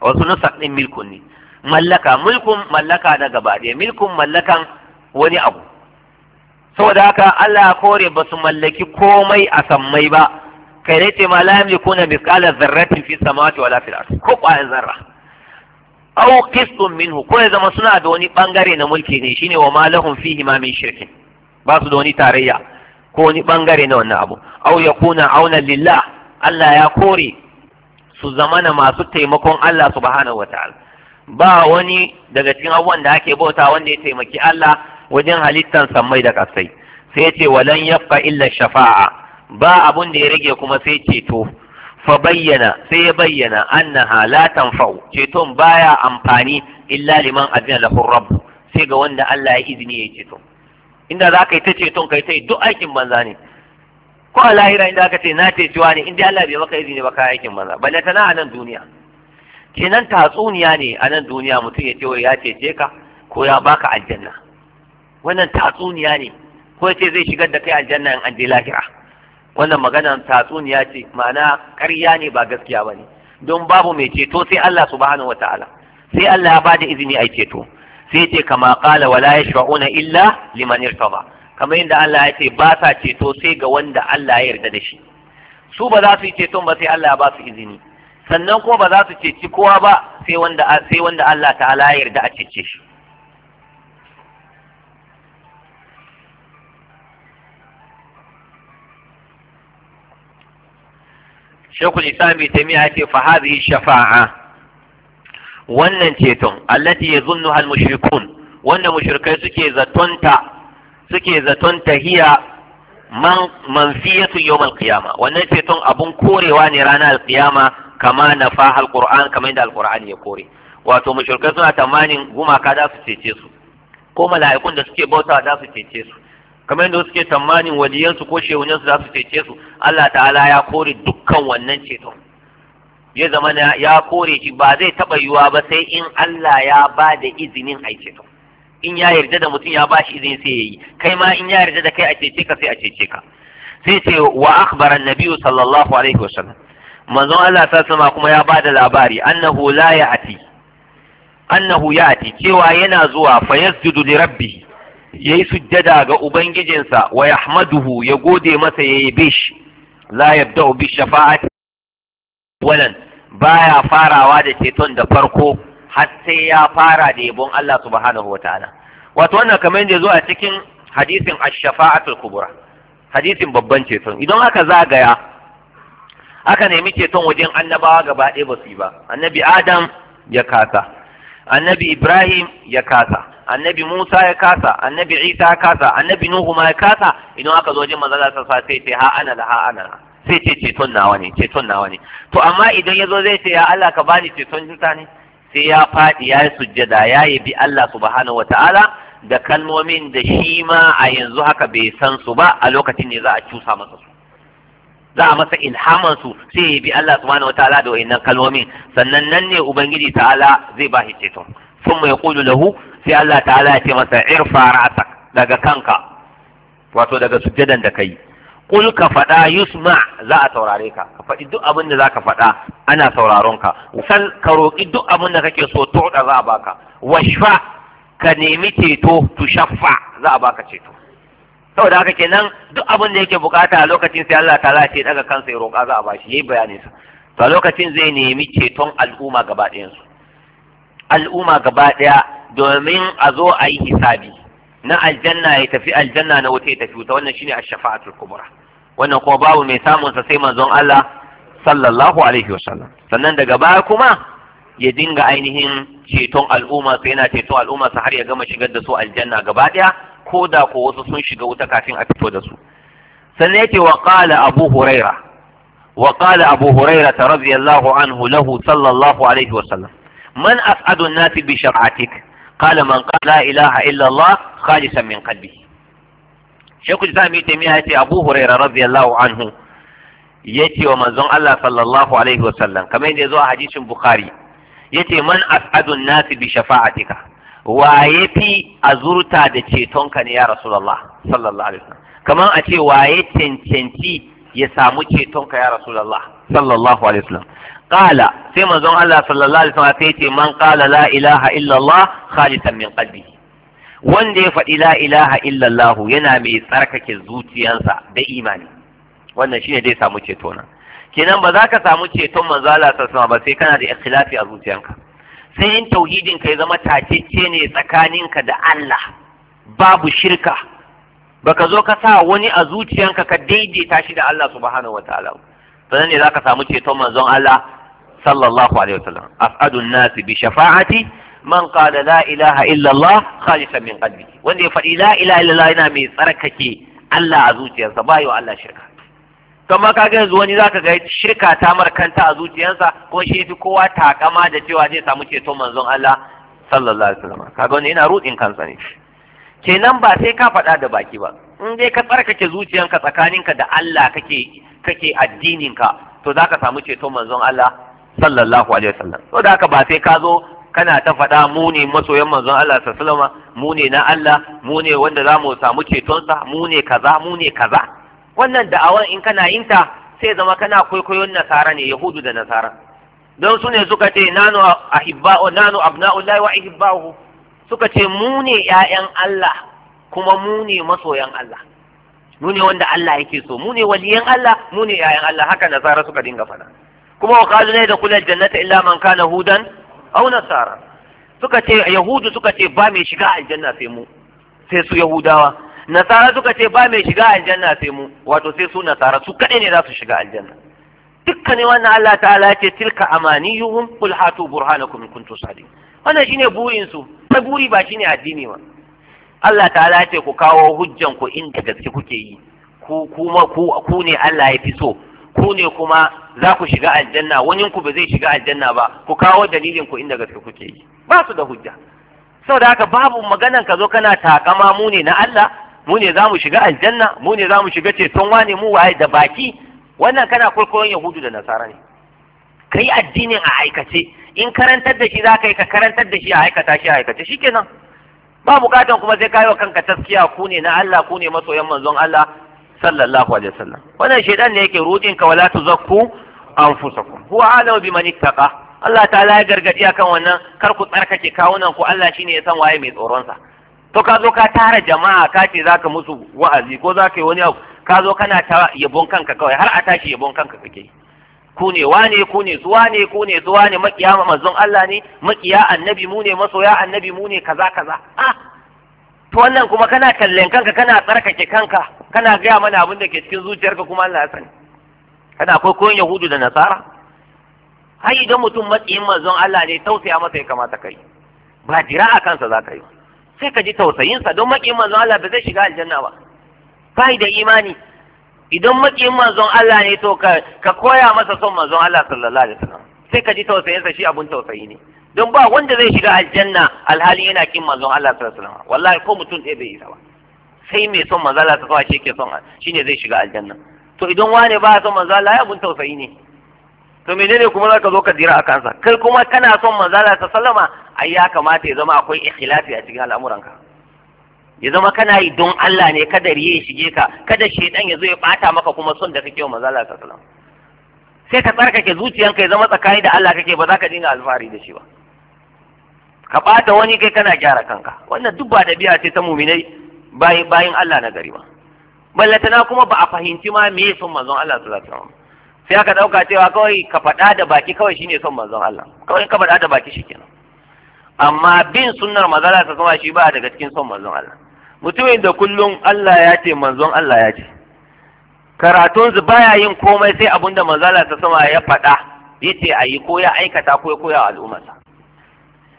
wasu nusak ɗin milkun ne mallaka mulkun mallaka na gaba ɗaya milkun mallakan wani abu saboda haka Allah ya kore ba su mallaki komai a sammai ba kai ne ce ma la yamlikuna mithqala dharratin fi samawati wala fil ko ƙwayan zarra aw qistun minhu ko ya zama suna da wani ɓangare na mulki ne shine wa ma lahum fihi ma min shirkin ba su da wani tarayya ko wani bangare na wannan abu au ya kuna auna lillah Allah ya kore su zamana masu taimakon Allah subhanahu wataala ba wani daga cikin abubuwan da ake bauta wanda ya taimaki Allah wajen halittan sammai da kasai sai ce walan yabqa illa shafa'a ba abun da ya rage kuma sai ceto fa bayyana sai ya bayyana annaha la tanfa'u ceton baya amfani illa liman azina lahu rabb sai ga wanda Allah ya izini ya ceto inda za ka yi ta ceton kai ta yi duk aikin banza ne ko a lahira inda aka ce na cewa ne inda Allah bai maka izini ba ka aikin banza balle ta na a nan duniya kenan tatsuniya ne a nan duniya mutum ya ce ya cece ka ko ya baka aljanna wannan tatsuniya ne ko ya ce zai shigar da kai aljanna in an je lahira wannan magana tatsuniya ce ma'ana karya ne ba gaskiya ba ne don babu mai ceto sai Allah subhanahu wataala sai Allah ya bada izini a ceto sai ce kama kala wala yashfa'una illa liman irtada kamar yadda Allah ya ce ba sa ceto sai ga wanda Allah ya yarda da shi su ba za su yi ceton ba sai Allah ba su izini sannan kuma ba za su ceci kowa ba sai wanda sai wanda Allah ta'ala ya yarda a cece shi Shekul Islam bai taimiya ya ce fa hadhihi shafa'a wannan ceton allati yazunnuha al-mushrikun wanda mushrikai suke zatonta suke zatonta hiya man manfiyatu yawm al-qiyama wannan ceton abun korewa ne ranar al-qiyama kama na fa al-qur'an kama da al-qur'an ya kore wato mushrikai suna tamanin gumaka da su cece su ko mala'ikun da suke bauta da su cece su kamar yadda suke tamanin waliyansu ko shehunansu za su cece su Allah ta'ala ya kore dukkan wannan ceton ya zama ya kore shi ba zai taɓa yiwuwa ba sai in Allah ya ba da izinin a ceto in ya yarda da mutum ya ba shi izini sai ya yi kai ma in ya yarda da kai a cece ka sai a cece ka sai ce wa akhbara nabiyyu sallallahu alaihi wa sallam. manzon Allah ta sama kuma ya ba da labari annahu la ya'ti annahu ya'ti cewa yana zuwa fa yasjudu li rabbi yayi sujjada ga ubangijinsa wa yahmaduhu ya gode masa ya yabe la yabda bi shafa'ati walan baya farawa da ceton da farko har sai ya fara da yabon Allah subhanahu wa ta'ala wato wannan kamar yadda zo a cikin hadisin ash-shafa'atul kubra hadisin babban ceton idan aka zagaya aka nemi ceton wajen annabawa gaba ɗaya ba su yi ba annabi adam ya kasa annabi ibrahim ya kasa annabi musa ya kasa annabi isa ya kasa annabi nuhu ma ya kasa idan aka zo wajen manzon Allah sai sai ha ana la ha ana sai ce ceton nawa ne ceton nawa ne to amma idan yazo zai ce ya Allah ka bani ceton mutane sai ya faɗi ya yi sujjada ya yi bi Allah subhanahu wataala da kalmomin da shi ma a yanzu haka bai san su ba a lokacin ne za a cusa masa su za a masa ilhaman su sai ya bi Allah subhanahu wataala da wayannan kalmomin sannan nan ne ubangiji ta'ala zai ba shi ceton sun mai kulu lahu sai Allah ta'ala ya ce masa irfa ra'sak daga kanka wato daga sujjadan da kai kul ka faɗa yusma za a saurare ka ka faɗi duk abin da za ka faɗa ana sauraron ka san ka roƙi duk abin da kake so to da za a baka washfa ka nemi ceto tu shaffa za a baka ceto saboda haka kenan duk abin da yake bukata a lokacin sai Allah ta ce daga kansa ya roƙa za a bashi yayi bayanin sa to a lokacin zai nemi ceton al'umma gaba ɗayan su al'umma gaba ɗaya domin a zo a yi hisabi na aljanna ya tafi aljanna na wuta ya tafi wuta wannan shine ash-shafa'atul kubra wannan kuma babu mai samun sa sai manzon Allah sallallahu alaihi wasallam sannan daga baya kuma ya dinga ainihin ceton al'umma sai yana ceto al'umma sa har ya gama shigar da su aljanna gaba daya ko da ko wasu sun shiga wuta kafin a fito da su sannan yake wa qala abu huraira wa qala abu huraira radiyallahu anhu lahu sallallahu alaihi wasallam man as'adu an-nasi bi shar'atika qala man qala la ilaha illa Allah khalisan min qalbi Sheikhul Islam Ibn Taymiyyah yace Abu Hurairah radiyallahu anhu yace wa manzon Allah sallallahu alaihi wa sallam kamar yadda zo a hadisin Bukhari yace man as'adun nasi bi shafa'atika wa yafi azurta da cetonka ne ya Rasulullah sallallahu alaihi wa sallam kamar a ce waye cancanci ya samu cetonka ya sallallahu alaihi wa sallam qala sai manzon Allah sallallahu alaihi wasallam sai ce man qala la illallah khalisan min qalbihi wanda ya faɗi la ilaha yana mai tsarkake zuciyarsa da imani wannan shine zai samu ceto nan kenan ba za ka samu ceton manzo Allah ba sai kana da ikhlasi a zuciyarka. sai in tauhidin ka ya zama tacece ne tsakaninka da Allah babu shirka baka zo ka sa wani a zuciyarka ka daidaita shi da Allah subhanahu wataala sannan ne za ka samu ceton manzon Allah sallallahu alaihi wasallam as'adun nasi bi shafa'ati man qala la ilaha illa Allah khalisan min qalbi wanda ya faɗi la ilaha illa Allah yana mai tsarkake Allah a zuciyarsa ba yi wa Allah shirka kamar ka yanzu wani zaka ga shirka ta markanta a zuciyarsa ko shi fi kowa takama da cewa zai samu ceto manzon Allah sallallahu alaihi wasallam kaga wani yana rudin kansa kenan ba sai ka faɗa da baki ba in dai ka tsarkake zuciyanka tsakaninka da Allah kake kake addininka to zaka samu ceto manzon Allah sallallahu alaihi wasallam so da haka ba sai ka zo kana ta faɗa mu ne masoyan manzon Allah sallallahu alaihi mu ne na Allah mu ne wanda za mu samu sa mu ne kaza mu ne kaza wannan da'awar in kana yin ta sai zama kana kwaikwayon nasara ne yahudu da nasara don su ne suka ce nanu ahibba'u nanu abna'ullahi wa ahibba'uhu suka ce mu ne ƴaƴan Allah kuma mu ne masoyan Allah mu ne wanda Allah yake so mu ne waliyan Allah mu ne ƴaƴan Allah haka nasara suka dinga faɗa kuma wa qalu da yadkhulul jannata illa man kana hudan aw nasara suka ce yahudu suka ce ba mai shiga aljanna sai mu sai su yahudawa nasara suka ce ba mai shiga aljanna sai mu wato sai su nasara su kadai ne za su shiga aljanna dukkanin wannan Allah ta'ala ce tilka amaniyuhum qul hatu burhanakum in kuntum sadiqin wannan shine burin su sai buri ba shine addini ba Allah ta'ala ce ku kawo hujjan ku inda gaske kuke yi ku kuma ku ku ne Allah ya fi so ku ne kuma za ku shiga aljanna wani ku ba zai shiga aljanna ba ku kawo dalilin ku inda gaske kuke yi ba su da hujja saboda haka babu maganan ka zo kana takama mu ne na Allah mu ne za mu shiga aljanna mu ne za mu shiga ceton wane mu waye da baki wannan kana kurkuren yahudu da nasara ne kai addinin a aikace in karantar da shi za ka yi ka karantar da shi a aikata shi a aikace shi kenan ba bukatan kuma sai yi wa kanka taskiya ku ne na Allah ku ne masoyan manzon Allah sallallahu alaihi wasallam wannan shedan ne yake rudin ka wala tuzakku anfusakum huwa a'lamu biman ittaqa Allah ta'ala ya gargadi akan wannan kar ku tsarkake kawunan ku Allah shine ya san waye mai tsoron sa to ka zo ka tara jama'a ka ce zaka musu wa'azi ko zaka yi wani abu ka zo kana ta yabon kanka kawai har a tashi yabon kanka kake ku ne wane ku ne zuwa ne ku ne zuwa ne makiya manzon Allah ne makiya annabi mu ne masoya annabi mu ne kaza kaza ah to wannan kuma kana tallen kanka kana tsarkake kanka kana gaya mana abin da ke cikin zuciyarka kuma Allah ya sani kada akwai koyon yahudu da nasara har idan mutum matsayin manzon Allah ne tausaya masa ya kamata kai ba jira a kansa za ka yi sai ka ji tausayinsa don maƙin manzon Allah ba zai shiga aljanna ba bai da imani idan maƙin manzon Allah ne to ka ka koya masa son manzon Allah sallallahu alaihi wasallam sai ka ji tausayinsa shi abun tausayi ne don ba wanda zai shiga aljanna alhali yana kin manzon Allah sallallahu alaihi wasallam wallahi ko mutum ɗaya bai isa ba sai mai son manzon Allah sallallahu alaihi wasallam shi ke son shine zai shiga aljanna to idan wane ba son manzo Allah ya bun tausayi ne to menene kuma zaka zo ka dira a kansa kai kuma kana son manzo Allah ta sallama ai ya kamata ya zama akwai ikhlasi a cikin al'amuranka ya zama kana yi don Allah ne kada riye ya shige ka kada shedan ya zo ya bata maka kuma son da kake wa manzo Allah ta sallama sai ka tsarkake zuciyanka ya zama tsakani da Allah kake ba za ka dinga alfahari da shi ba ka bata wani kai kana gyara kanka wannan duk ba dabi'a ce ta muminai bayin Allah na gari ba ballatana kuma ba a fahimci ma me son manzon Allah sallallahu alaihi wasallam sai aka dauka cewa kawai ka faɗa da baki kawai shine son manzon Allah kawai ka faɗa da baki shikenan amma bin sunnar manzon Allah sallallahu alaihi wasallam shi ba daga cikin son manzon Allah mutumin da kullun Allah ya ce manzon Allah ya ce karatun zu baya yin komai sai abinda da manzon Allah sallallahu alaihi wasallam ya faɗa yace ayi ko ya aikata ko ya koya al'umma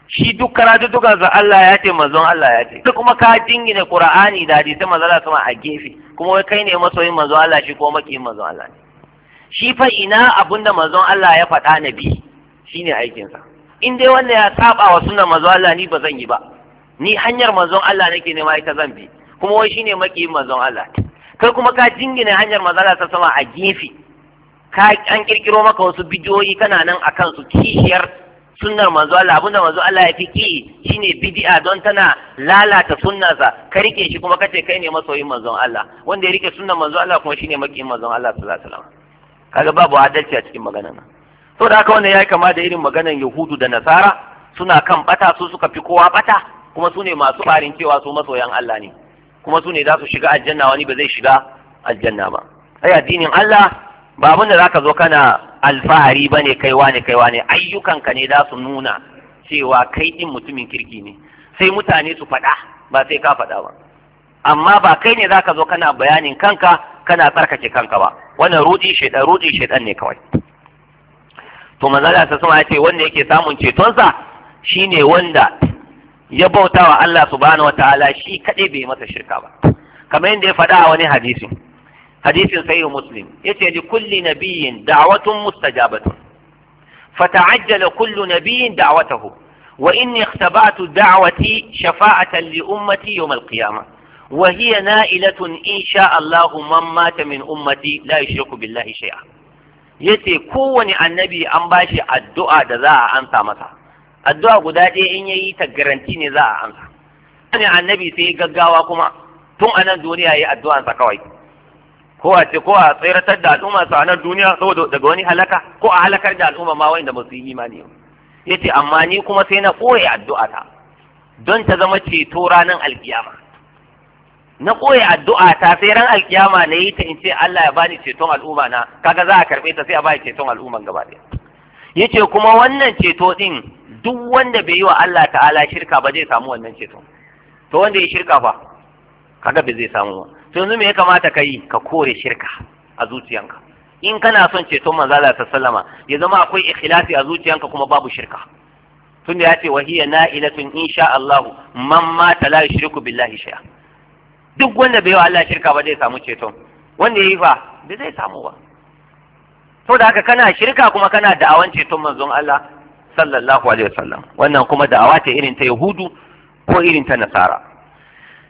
shi duk karatu dukansa Allah ya ce manzon Allah ya ce Duk kuma ka jingina Qur'ani da hadisi manzon Allah sama a gefe kuma wai kai ne masoyin manzo Allah shi ko makiyin manzo Allah ne shi fa ina abin da manzon Allah ya faɗa na bi ne aikinsa in dai wanda ya saba wa sunan manzon Allah ni ba zan yi ba ni hanyar manzon Allah nake nema ita zan bi kuma wai shine makiyin manzon Allah kai kuma ka jingina hanyar manzon Allah ta sama a gefe ka an kirkiro maka wasu bidiyoyi kana nan akan su kishiyar sunnar manzo Allah da manzo Allah ya fi ki shine bid'a don tana lalata sunnarsa ka rike shi kuma kace kai ne masoyin manzon Allah wanda ya rike sunnar manzo Allah kuma shine makiyin manzon Allah sallallahu alaihi wasallam kaga babu adalci a cikin maganar nan to da haka wannan yayi kama da irin maganar Yahudu da Nasara suna kan bata su suka fi kowa bata kuma su ne masu ɓarin cewa su masoyan Allah ne kuma su ne za su shiga aljanna wani ba zai shiga aljanna ba ai addinin Allah ba abin da za ka zo kana alfahari ba ne kaiwa ne kaiwa ne ayyukanka ne za su nuna cewa kai ɗin mutumin kirki ne sai mutane su faɗa ba sai ka faɗa ba amma ba kai ne za ka zo kana bayanin kanka kana tsarkake kanka ba wannan rudi shaidan rudi shaidan ne kawai to manzala ta sama ya ce wanda yake samun cetonsa shine wanda ya bauta wa Allah subhanahu wataala shi kaɗai bai masa shirka ba kamar yadda ya faɗa a wani hadisi hadisin sahihu muslim yace li kulli nabiyyin da'watun mustajabatun fata'ajjala kullu nabiyyin da'watahu wa inni ikhtaba'tu da'wati shafa'atan li ummati yawm al-qiyamah wa hiya na'ilatun insha Allah mamata min ummati la yushriku billahi shay'a yace kowane annabi an bashi addu'a da za a amsa masa addu'a guda ɗaya in yayi ta garanti ne za a amsa ne annabi sai gaggawa kuma tun anan duniya yayi addu'ansa kawai ko a ce ko a tsiratar da al'umma su a duniya saboda daga wani halaka ko a halakar da al'umma ma wanda ba su yi imani ya ce amma ni kuma sai na addu'a ta don ta zama ceto ranar alkiyama na addu'a ta sai ran alkiyama na yi ta in ce Allah ya bani ceton al'umma na kaga za a karɓe ta sai a bani ceton al'umman gaba ɗaya ya ce kuma wannan ceto ɗin duk wanda bai yi wa Allah ta'ala shirka ba zai samu wannan ceton to wanda ya shirka fa kaga bai zai samu ba to yanzu me ya kamata ka yi ka kore shirka a zuciyanka in kana son ceton manzo Allah sallama ya zama akwai ikhlasi a zuciyanka kuma babu shirka tunda ya ce wahiya na'ilatun insha Allah man mata la yushriku billahi shay'a duk wanda bai wa Allah shirka ba zai samu ceton wanda yayi fa ba zai samu ba to da haka kana shirka kuma kana da'awan ceton manzo Allah sallallahu alaihi wasallam wannan kuma da'awa ta irin ta yahudu ko irin ta nasara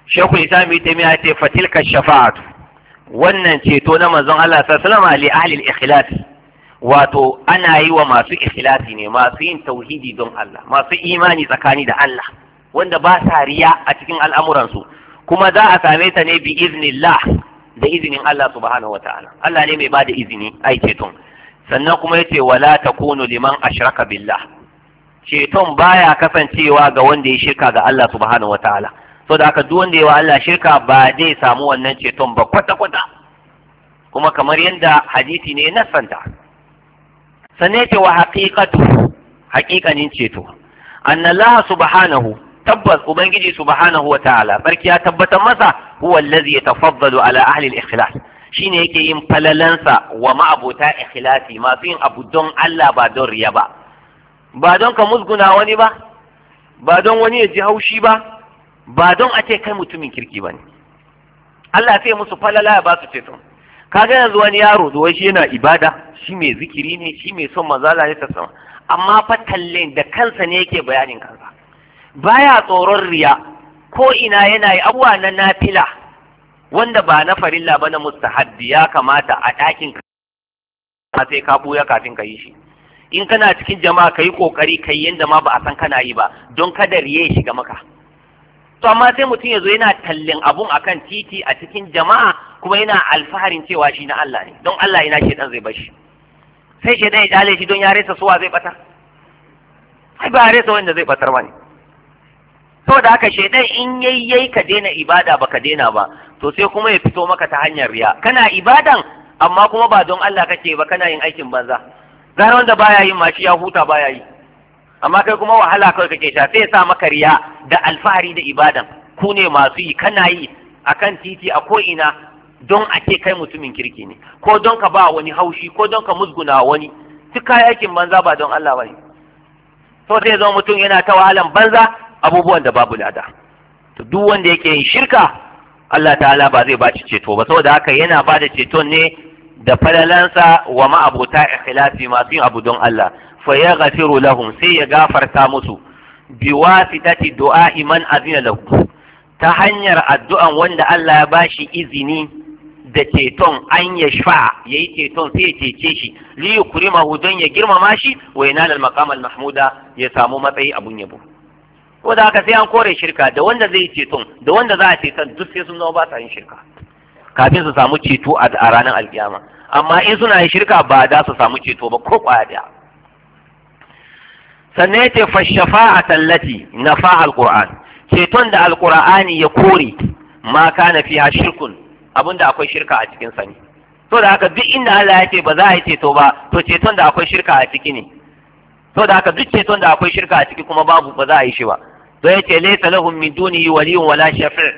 shekul islam ibn taymiya ce fatilka shafa'atu wannan ceto na manzon Allah sallallahu alaihi wasallam li ikhlas wato ana yi wa masu ikhlasi ne masu yin tauhidi don Allah masu imani tsakani da Allah wanda ba sa riya a cikin al'amuransu kuma za a same ta ne bi iznillah da izinin Allah subhanahu wataala Allah ne mai bada izini ai ceton sannan kuma yace wala takunu liman ashraka billah ceton baya kasancewa ga wanda ya shirka ga Allah subhanahu wataala so da aka duk wanda yawa Allah shirka ba zai samu wannan ceton ba kwata-kwata kuma kamar yadda hadisi ne na santa sanne ce wa haƙiƙatu, haƙiƙanin ceto annallaha subhanahu tabbas ubangiji subhanahu wataala barki ya tabbatar masa huwa allazi yatafaddalu ala ahli al-ikhlas shine yake yin falalansa wa ma'abota ikhlasi masu yin abu don Allah ba don riya ba ba don ka musguna wani ba ba don wani ya ji haushi ba ba don a ce kai mutumin kirki ba ne Allah sai musu falala ya ba su ceto kaga yanzu wani yaro da shi yana ibada shi mai zikiri ne shi mai son mazala ya ta amma fa talle da kansa ne yake bayanin kansa baya tsoron riya ko ina yana yi abuwa na nafila wanda ba na farilla ba na mustahabbi ya kamata a ɗakin ka sai ka buya kafin ka yi shi in kana cikin jama'a ka yi ƙoƙari ka yi yadda ma ba a san kana yi ba don kada riye shiga maka to amma sai mutum ya zo yana tallin abun akan titi a cikin jama'a kuma yana alfaharin cewa shi na Allah ne don Allah yana dan zai bashi sai dan ya jale shi don ya resa suwa zai batar ai ba resa wanda zai batar ba ne saboda haka shedan in yayyai ka daina ibada baka daina ba to sai kuma ya fito maka ta hanyar riya kana ibadan amma kuma ba don Allah kake ba kana yin aikin banza gara wanda baya yin ma shi ya huta baya yi amma kai kuma wahala kawai kake sha sai sa maka riya da alfahari da ibadan ku ne masu yi kana yi akan titi a ko'ina ina don a ce kai mutumin kirki ne ko don ka ba wani haushi ko don ka musguna wani duk kayakin banza ba don Allah bane to sai zama mutum yana ta wahalan banza abubuwan da babu lada to duk wanda yake yin shirka Allah ta'ala ba zai baci ceto ba saboda haka yana bada ceto ceton ne da falalansa wa ma'abuta ikhlasi masu yin abu don Allah fa yaghfiru lahu sai ya gafarta musu biwasitati iman man azina lahu ta hanyar addu'an wanda Allah ya bashi izini da ceton an ya shafa ya yi ceton sai ya cece shi li yukrimahu don ya girmama shi wa yanal al maqam mahmuda ya samu matsayi abun yabo ko da haka sai an kore shirka da wanda zai yi ceton da wanda za a ceton duk sai sun zama ba sa yin shirka kafin su samu ceto a ranar alkiyama amma in suna yin shirka ba da su samu ceto ba ko kwaya daya sannan ya ce shafa'at a tallati na fa alƙur'an ceton da alqur'ani ya kore ma kana fiha shirkun abinda akwai shirka a cikin sani to da haka duk inda Allah ya ce ba za a yi ceto ba to ceton da akwai shirka a ciki ne to da haka duk ceton da akwai shirka a ciki kuma babu ba za a yi shi ba to yace laysa lahum min dunihi waliyun wala shafi'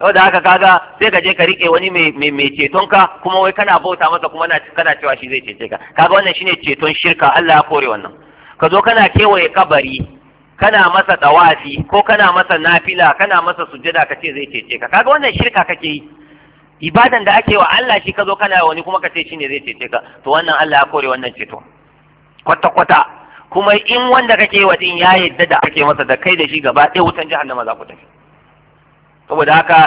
to da haka kaga sai ka je ka rike wani mai mai ceton ka kuma wai kana bauta masa kuma kana cewa shi zai cece ka kaga wannan shine ceton shirka Allah ya kore wannan ka zo kana kewaye kabari kana masa dawafi ko kana masa nafila kana masa sujjada ka ce zai cece ka kaga wannan shirka kake yi ibadan da ake wa Allah shi ka zo kana wani kuma ka ce shi ne zai cece ka to wannan Allah ya kore wannan ceto kwata kwata kuma in wanda kake wa din ya yadda da ake masa da kai da shi gaba ɗaya wutan jahannama za ku tafi saboda haka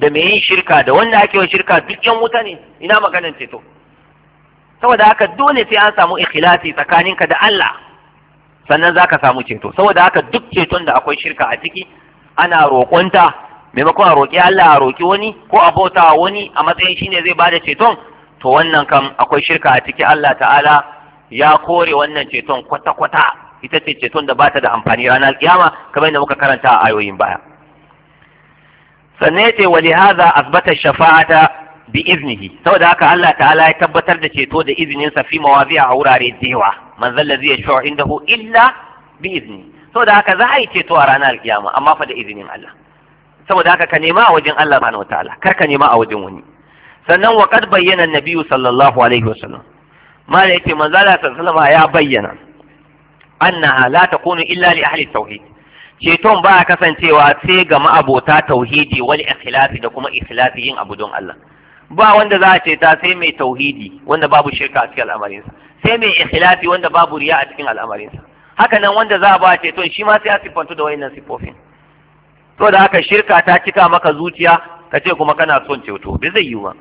da me yin shirka da wanda ake wa shirka duk yan wuta ne ina maganan ceto saboda haka dole sai an samu ikhlasi tsakaninka da Allah sannan za ka samu ceto saboda haka duk ceton da akwai shirka a ciki ana roƙonta maimakon a roƙi Allah a roƙi wani ko a bauta wani a matsayin shine zai bada ceton to wannan kam akwai shirka a ciki Allah ta'ala ya kore wannan ceton kwata-kwata ita ce ceton da bata da amfani ranar kiyama kamar yadda muka karanta a ayoyin baya sannan ya ce wa lihaza asbata shafa'ata bi iznihi saboda haka Allah ta'ala ya tabbatar da ceto da izinin sa fi mawazi'a a wurare da yawa man zalla zai shawo indahu illa bi izni saboda haka za a yi ceto a ranar alkiyama amma fa da izinin Allah saboda haka ka nema a wajen Allah subhanahu wataala kar ka nema a wajen wani sannan wa qad bayyana nabiyyu sallallahu alaihi wasallam mala yace manzo Allah sallallahu alaihi ya bayyana annaha la takunu illa li ahli tauhid ceton ba kasancewa sai ga ma'abota tauhidi wal ikhlasi da kuma ikhlasi yin abu don Allah ba wanda za a ceta sai mai tauhidi wanda babu shirka a cikin al'amarinsa sai mai ikhlafi wanda babu riya a cikin al'amarinsa haka nan wanda za a ba to shi ma sai a siffantu da wayannan siffofin to da haka shirka ta cika maka zuciya ka ce kuma kana son ceto bai zai yiwu ba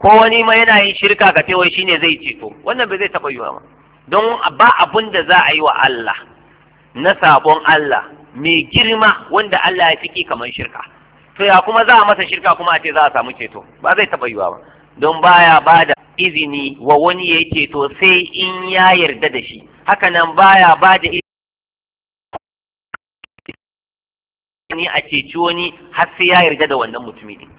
ko wani ma yana yin shirka ka ce wai shine zai ceto wannan bai zai taba yiwa ba don ba abun da za a yi wa Allah na sabon Allah mai girma wanda Allah ya fiki kamar shirka to ya kuma za a masa shirka kuma a ce za a samu ceto ba zai taɓa yiwa ba don baya ba da izini wa wani ya yi ceto sai in ya yarda da shi hakanan baya ba da izini a ceci wani har sai ya yarda da wannan mutumi din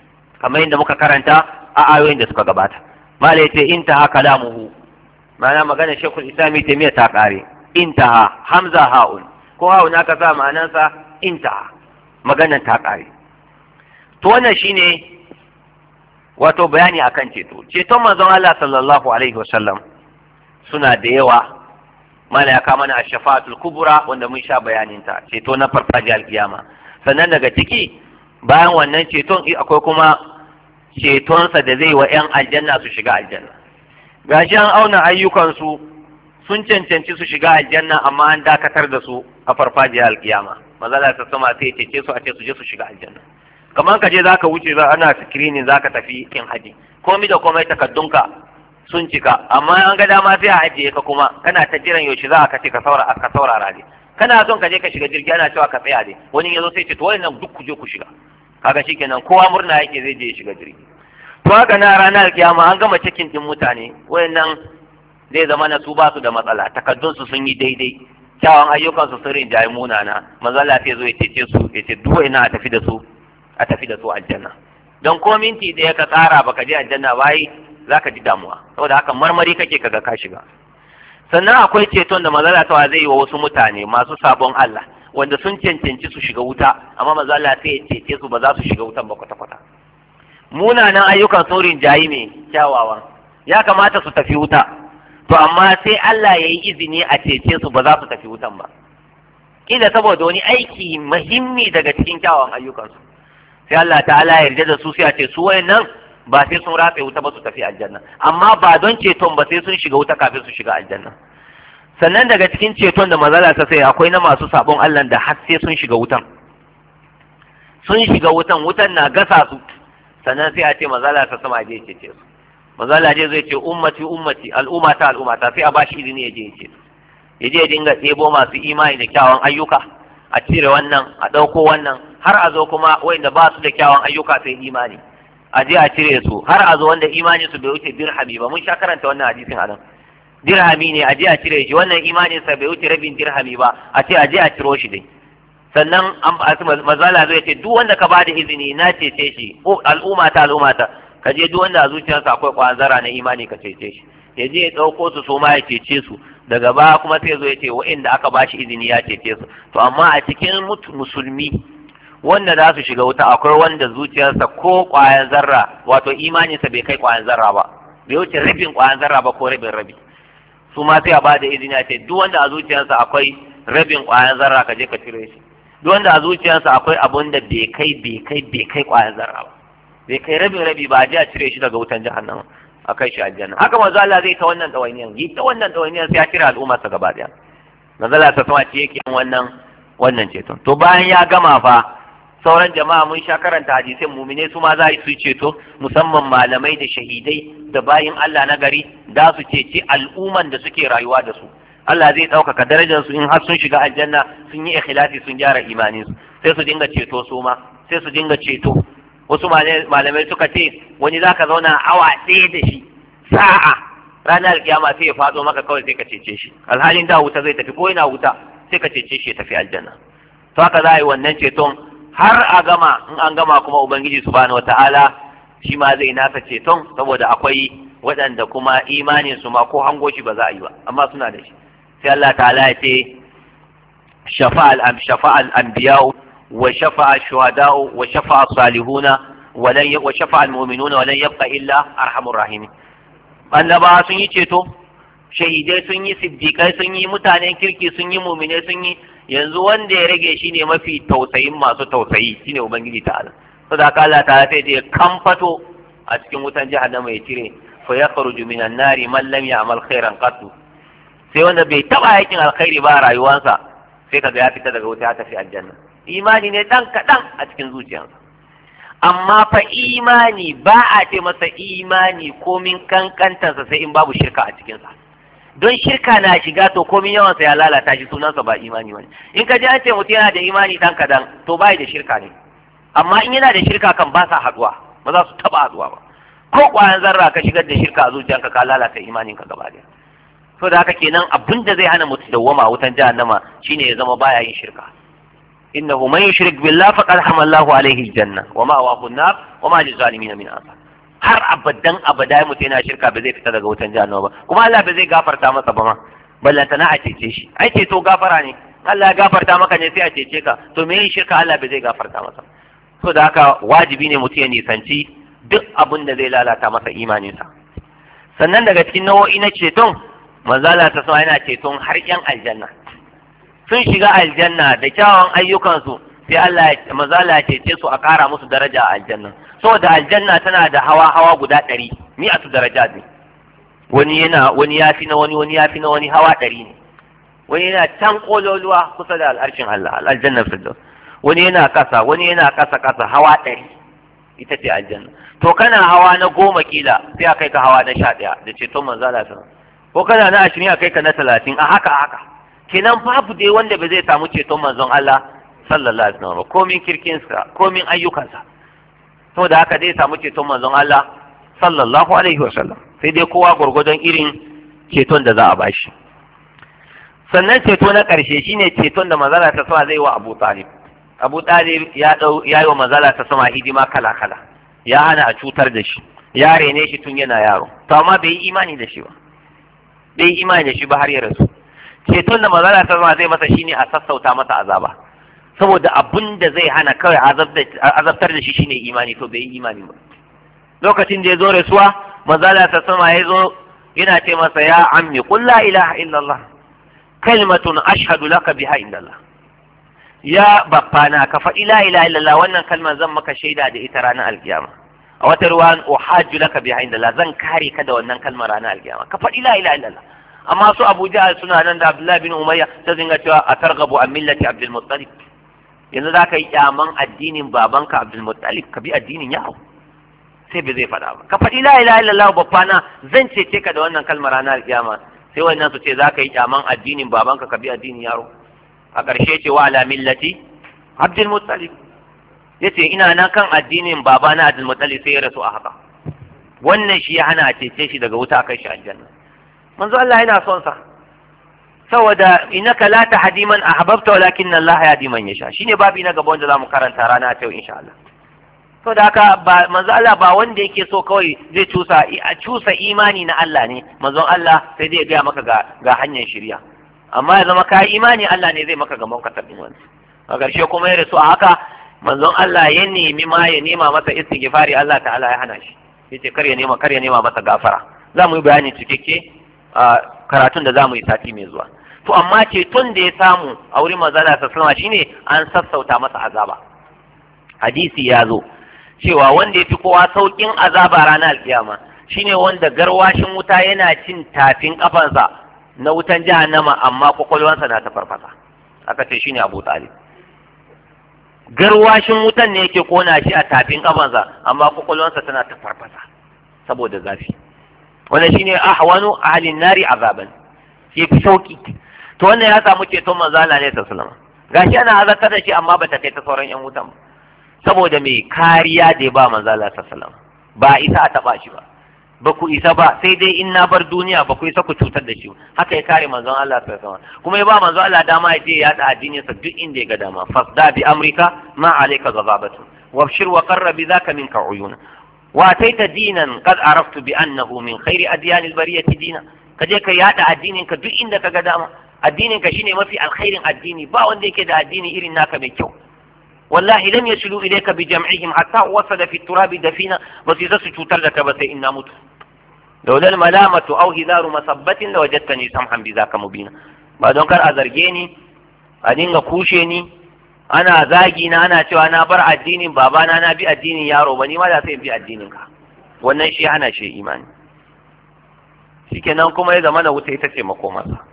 kamar yadda muka karanta a ayoyin da suka gabata ce in ta intaha lamuhu. ma'ana magana shekul islami miya ta kare ha, hamza ha'un ko ha'un aka sa ma'anansa in ta ha. maganan ta kare to wannan shine wato bayani akan ceto ceton manzon Allah sallallahu alaihi wasallam suna da yawa mala ya kama na ashafa'atul kubura wanda mun sha bayanin ta ceto na farfajiyar alkiyama sannan daga ciki bayan wannan ceton akwai kuma cetonsa da zai wa 'yan aljanna su shiga aljanna gashi an auna ayyukansu sun cancanci su shiga aljanna amma an dakatar da su a farfajiyar alkiyama maza da ta sama sai cece su a ce su je su shiga aljanna kamar ka je zaka wuce za ana screening zaka tafi in haji komai da komai takaddunka sun cika amma an ga dama sai a ajiye ka kuma kana ta jiran yaushe za a kace ka saura ka saura rabi kana son ka je ka shiga jirgi ana cewa ka tsaya dai wani yazo sai ce to wannan duk ku je ku shiga kaga shikenan kowa murna yake zai je ya shiga jirgi to haka na ranar kiyama an gama cikin din mutane wayannan zai zama na su basu da matsala takaddun su sun yi daidai kyawun ayyukan su sun rinjaye munana Allah sai zo ya tece su ya ce duk waina a tafi da su a tafi da su aljanna don ko minti ɗaya ka tsara baka je aljanna ba yi ka ji damuwa saboda haka marmari kake ka ga ka shiga sannan akwai ceton da maza ta zai yi wa wasu mutane masu sabon Allah wanda sun cancanci su shiga wuta amma manzala sai ya cece su ba za su shiga wutan ba kwata kwata munanan ayyukan saurin jayi ne kyawawan ya kamata su tafi wuta to amma sai Allah ya yi izini a cece su ba za su tafi wutan ba kila saboda wani aiki muhimmi daga cikin kyawawan ayyukansu sai Allah ta'ala ya yarda da su sai a ce su wayannan ba sai sun rafe wuta ba su tafi aljanna amma ba don ceton ba sai sun shiga wuta kafin su shiga aljanna sannan daga cikin ceton da mazala ta sai akwai na masu sabon Allah da har sai sun shiga wutan sun shiga wutan wutan na gasa su sannan sai a ce mazala ta sama je ce su mazala je zai ce ummati ummati al'umma ta al'umma ta sai a bashi izini ya je ya ce ya je dinga tsebo masu imani da kyawun ayyuka a cire wannan a ɗauko wannan har a zo kuma wanda ba su da kyawun ayyuka sai imani a je a cire su har a zo wanda imani su bai wuce dirhami ba mun sha karanta wannan hadisin a nan dirhami ne a je a cire shi wannan imanin sa bai wuce rabin dirhami ba a ce a je a ciro shi dai sannan an ba su mazala zai ce duk wanda ka ba da izini na cece shi al'umma ta al'umma ta ka je duk wanda a zuciyarsa akwai kwanzara na imani ka cece shi ya je ya ɗauko su su ma ya cece su daga baya kuma sai zo ya ce wa'inda aka ba shi izini ya cece su to amma a cikin musulmi wanda za su shiga wuta akwai wanda zuciyarsa ko ƙwayan zarra wato imaninsa bai kai ƙwayan zarra ba bai wuce rabin ƙwayan zarra ba ko rabin rabi su ma sai a ba da izini a ce duk wanda a zuciyarsa akwai rabin ƙwayan zarra ka je ka cire shi duk wanda a zuciyarsa akwai abun da bai kai bai kai bai kai ƙwayan zarra ba bai kai rabin rabi ba a je a cire shi daga wutan jahannama a kai shi aljanna haka manzo Allah zai ta wannan dawainiyan yi ta wannan dawainiyan sai ya cire al'umma sa gaba daya manzo Allah ta sama ce yake wannan wannan ceton to bayan ya gama fa sauran jama'a mun sha karanta hadisin mumine su ma za su ceto musamman malamai da shahidai da bayin Allah na gari da su ceci al'umman da suke rayuwa da su Allah zai ɗaukaka darajar su in har sun shiga aljanna sun yi ikhlasi sun gyara imanin su sai su dinga ceto su ma sai su dinga ceto wasu malamai suka ce wani zaka zauna awa ɗaya da shi sa'a ranar alkiyama sai ya faɗo maka kawai sai ka cece shi alhalin da wuta zai tafi ko ina wuta sai ka cece shi ya tafi aljanna to haka za a yi wannan ceton har a gama in an gama kuma ubangiji subhanahu wataala shi ma zai nasa ceton saboda akwai waɗanda kuma imanin su ma ko hango shi ba za a yi ba amma suna da shi sai Allah ta'ala ya ce shafa'a al-anbiya'u wa shafa'a shuhada'u wa shafa'a salihuna wa ولن muminuna, wa ولن يبقى illa, أرحم rahim. annaba sun yi ceto shahidai sun yi siddiƙai sun yi mutanen kirki sun yi muminai sun yi yanzu wanda ya rage shi ne mafi tausayin masu tausayi shine ubangiji ta'ala saboda haka Allah ta'ala sai ya kamfato a cikin wutan jahannama ya cire fa yakhruju minan nari man lam ya'mal khairan qattu sai wanda bai taba aikin alkhairi ba a rayuwarsa sai kaga ya fita daga wuta ya tafi aljanna imani ne dan kaɗan a cikin zuciyarsa amma fa imani ba a ce masa imani ko min kankantarsa sai in babu shirka a cikinsa don shirka na shiga to komai yawan sa ya lalata shi sunansa ba imani bane in ka ji an ce mutum yana da imani dan kadan to bai da shirka ne amma in yana da shirka kan ba sa haduwa ba za su taba haduwa ba ko kwayan zarra ka shigar da shirka a zuciyarka ka lalata imanin ka gaba daya so da haka kenan abin da zai hana mutum dawwama wutan jihar jahannama shine ya zama baya yin shirka innahu man yushrik billahi faqad hamallahu alaihi aljanna wa ma'wahu an-nar wa ma lizalimin min ansar har abadan abada ya mutu yana shirka ba zai fita daga wutan jahannama ba kuma Allah ba zai gafarta masa ba ma ballanta na a cece shi ai ceto gafara ne Allah ya gafarta maka ne sai a cece ka to me yin shirka Allah ba zai gafarta masa so da haka wajibi ne mutum ya nisanci duk abin da zai lalata masa imaninsa sannan daga cikin nau'o'i na ceton manzala ta sama yana ceton har yan aljanna sun shiga aljanna da kyawun ayyukansu sai Allah manzala ya cece su a ƙara musu daraja a aljanna saboda aljanna tana da hawa hawa guda ɗari su daraja ne wani yana wani ya fi na wani wani ya fi na wani hawa ɗari ne wani yana can kololuwa kusa da al'arshin Allah aljanna firdaus wani yana kasa wani yana kasa kasa hawa ɗari ita ce aljanna to kana hawa na goma kila sai a kai ka hawa na sha ɗaya da ceton manzo Allah ko kana na ashirin a kai ka na talatin a haka haka kenan babu dai wanda ba zai samu ceton manzon Allah sallallahu alaihi wasallam komin kirkinsa komin ayyukansa saboda haka zai samu ceton manzon Allah sallallahu alaihi wasallam sai dai kowa gurgurdan irin ceton da za a bashi sannan ceto na ƙarshe shine ceton da manzala ta sama zai wa Abu Talib Abu Talib ya dau ya yi wa manzala ta sama hidima kala kala ya hana a cutar da shi ya rene shi tun yana yaro to amma bai yi imani da shi ba bai yi imani da shi ba har ya rasu ceton da manzala ta sama zai masa shine a sassauta masa azaba saboda abun da zai hana kawai azabtar da shi shine imani to bai yi imani ba lokacin da ya zo rasuwa manzala ta sama ya zo yana ce masa ya ammi qul la ilaha illallah kalimatun ashhadu laka biha indallah ya baffana ka faɗi la ilaha illallah wannan kalmar zan maka shaida da ita ranar alkiyama a wata ruwan uhajju laka biha indallah zan kare ka da wannan kalmar ranar alkiyama ka faɗi la ilaha illallah amma su abuja suna nan da Abdullahi bin Umayya sai dinga cewa a targabu an millati Abdul Muttalib yanzu za ka yi kyaman addinin babanka abdulmuttalib ka bi addinin yahu sai bai zai faɗa ba ka faɗi la ilaha illallah na zan cece ka da wannan kalmar ranar kiyama sai wannan su ce za ka yi kyaman addinin babanka ka bi addinin yaro a ƙarshe ce wa ala millati abdulmuttalib ya ce ina nan kan addinin babana abdulmuttalib sai ya rasu a haka wannan shi ya hana a cece shi daga wuta kai shi aljanna manzo Allah yana son sa saboda innaka la tahdi man ahbabta walakin Allah yahdi man yasha shine babi na gaba wanda zamu karanta rana ta yau insha Allah to da haka ba manzo Allah ba wanda yake so kawai zai cusa a cusa imani na Allah ne manzon Allah sai zai gaya maka ga ga hanyar shirya amma ya zama kai imani Allah ne zai maka ga maukatar katabin wani a ƙarshe kuma ya rasu a haka manzon Allah ya nemi ma ya nema masa istighfari Allah ta'ala ya hana shi yace kar ya nema kar ya nema masa gafara za mu yi bayani cikakke a karatun da za mu yi sati mai zuwa to amma ce tun da ya samu a wurin manzala ta sallama shine an sassauta masa azaba hadisi ya zo cewa wanda ya fi kowa saukin azaba ranar alkiyama shine wanda garwashin wuta yana cin tafin kafansa na wutan jahannama amma kwakwalwansa na ta farfasa aka ce shine abu talib garwashin wutan ne yake kona shi a tafin kafansa amma kwakwalwansa tana ta farfasa saboda zafi wannan shine ahwanu ahlin nari azaban fi sauki to wannan ya samu ceton manzo Allah alaihi sallallahu gashi ana azartar da shi amma bata kai ta sauran yan wutan saboda mai kariya da ya ba manzo Allah sallallahu ba isa a taba shi ba ba ku isa ba sai dai in na bar duniya ba ku isa ku cutar da shi haka ya kare manzon Allah sallallahu alaihi kuma ya ba manzon Allah dama ya je ya da addinin sa duk inda ya ga dama fasda bi amrika ma alayka ghadabatu wabshir wa qarra bi zaka minka uyuna wa taita dinan qad araftu bi annahu min khairi adyan al bariyati dina kaje ka yada addinin ka duk inda ka ga dama addinin ka shine mafi alkhairin addini ba wanda yake da addini irin naka mai kyau wallahi idan ya lam yasulu ka bi jam'ihim hatta wasala fi turabi dafina ba su su cutar da ka ba sai in na mutu لولا الملامة أو هزار مسبة لوجدتني سمحا بذاك مبينا ba don kar a zarge ni a dinga kushe ni ana zagi na ana cewa na bar addinin babana na bi addinin yaro ba ni ma da sai bi addinin ka wannan shi hana shi imani shikenan kuma ya zama na wuta ita ce masa.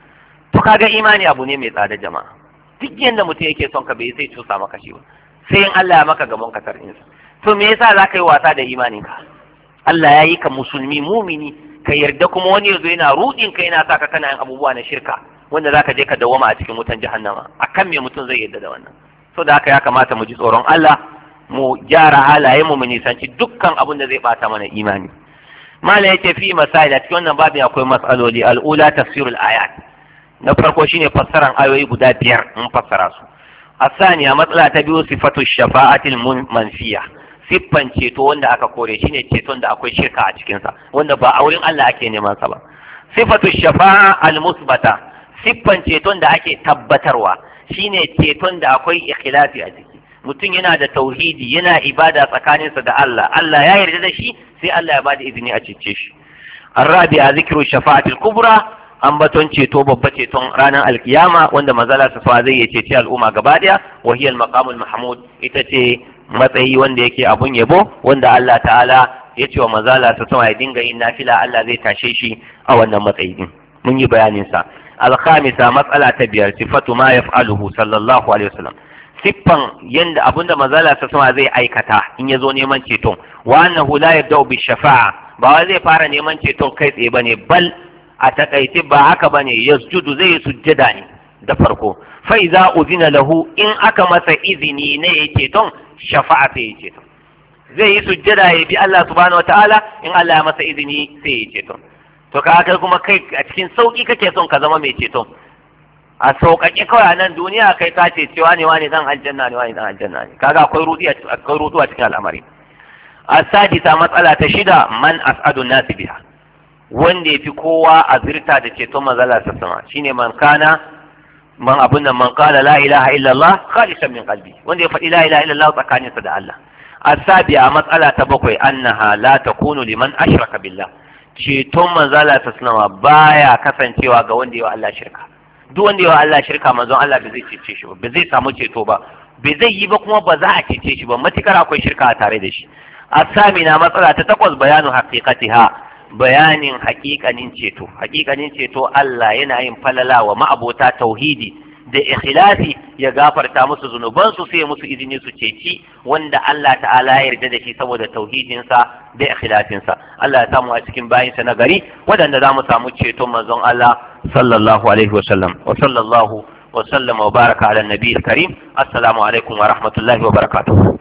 to kaga imani abu ne mai tsada jama'a duk yanda mutum yake son ka bai sai cusa maka shi ba sai in Allah ya maka gamon ka tarinsa to me yasa za ka yi wasa da imanin ka Allah ya yi ka musulmi mumini ka yarda kuma wani yazo yana rudin ka yana saka kana yin abubuwa na shirka wanda zaka je ka dawama a cikin wutan jahannama akan me mutum zai yarda da wannan so da haka ya kamata mu ji tsoron Allah mu gyara halaye mu mu nisanci dukkan abin da zai bata mana imani mala yace fi masail a cikin wannan babin akwai mas'aloli al'ula tafsirul ayat na farko shine fassaran ayoyi guda biyar mun fassara su asaniya matsala ta biyu sifatu shafa'atil manfiya siffan ceto wanda aka kore shine ceton da akwai shirka a cikinsa wanda ba a wurin Allah ake neman sa ba sifatu shafa'a al musbata siffan ceton da ake tabbatarwa shine ceton da akwai ikhlasi a ciki mutum yana da tauhidi yana ibada tsakaninsa da Allah Allah ya yarda da shi sai Allah ya bada izini a cece shi الرابعة ذكر الشفاعة الكبرى ambaton ceto babba ceton ranar alkiyama wanda manzala sa zai ya ceci al'umma gaba daya wahiyar hiya mahmud ita ce matsayi wanda yake abun yabo wanda Allah ta'ala ya ce wa manzala sa sama ya dinga yin nafila Allah zai tashe shi a wannan matsayi din mun yi bayanin sa al-khamisa matsala ta biyar sifatu ma yaf'aluhu sallallahu alaihi wasallam siffan yanda abinda manzala sa sama zai aikata in ya zo neman ceton wa annahu la yabda'u bi shafa'a ba wai zai fara neman ceton kai tsaye bane bal a takaice ba haka bane yasjudu zai sujjada ne da farko fa iza udina lahu in aka masa izini ne ya ton shafa'a sai yake ton zai yi sujjada ya bi Allah subhanahu wataala in Allah ya masa izini sai ya ton to ka kai kuma kai a cikin sauki kake son ka zama mai ceton a sauƙaƙe kawai a nan duniya kai ka ce cewa ne wani zan aljanna ne wani zan aljanna ne kaga akwai rudi akwai rudu a cikin al'amari asadi sadisa matsala ta shida man as'adu nasibiha biha wanda ya fi kowa a zirta da ceton sama shi shine man kana man abun nan man kana la ilaha illallah khalisan min qalbi wanda ya faɗi la ilaha illallah tsakaninsa da Allah a matsala ta bakwai annaha la takunu liman ashraka billah ceton manzala sama baya kasancewa ga wanda ya Allah shirka duk wanda ya Allah shirka manzon Allah ba zai cece shi ba ba zai samu ceto ba ba zai yi ba kuma ba za a cece shi ba matukar akwai shirka a tare da shi na matsala ta takwas bayanu haqiqatiha bayanin hakikanin ceto hakikanin ceto Allah yana yin falala wa ma'abota tauhidi da ikhlasi ya gafarta musu zunubansu sai musu izini su ceci wanda Allah ta'ala ya yarda da shi saboda tauhidinsa da ikhlasinsa Allah ya samu a cikin bayinsa na gari waɗanda za mu samu ceto manzon Allah sallallahu alaihi wa sallam wa sallallahu wa sallama wa baraka ala nabiyil karim assalamu alaikum wa rahmatullahi wa barakatuh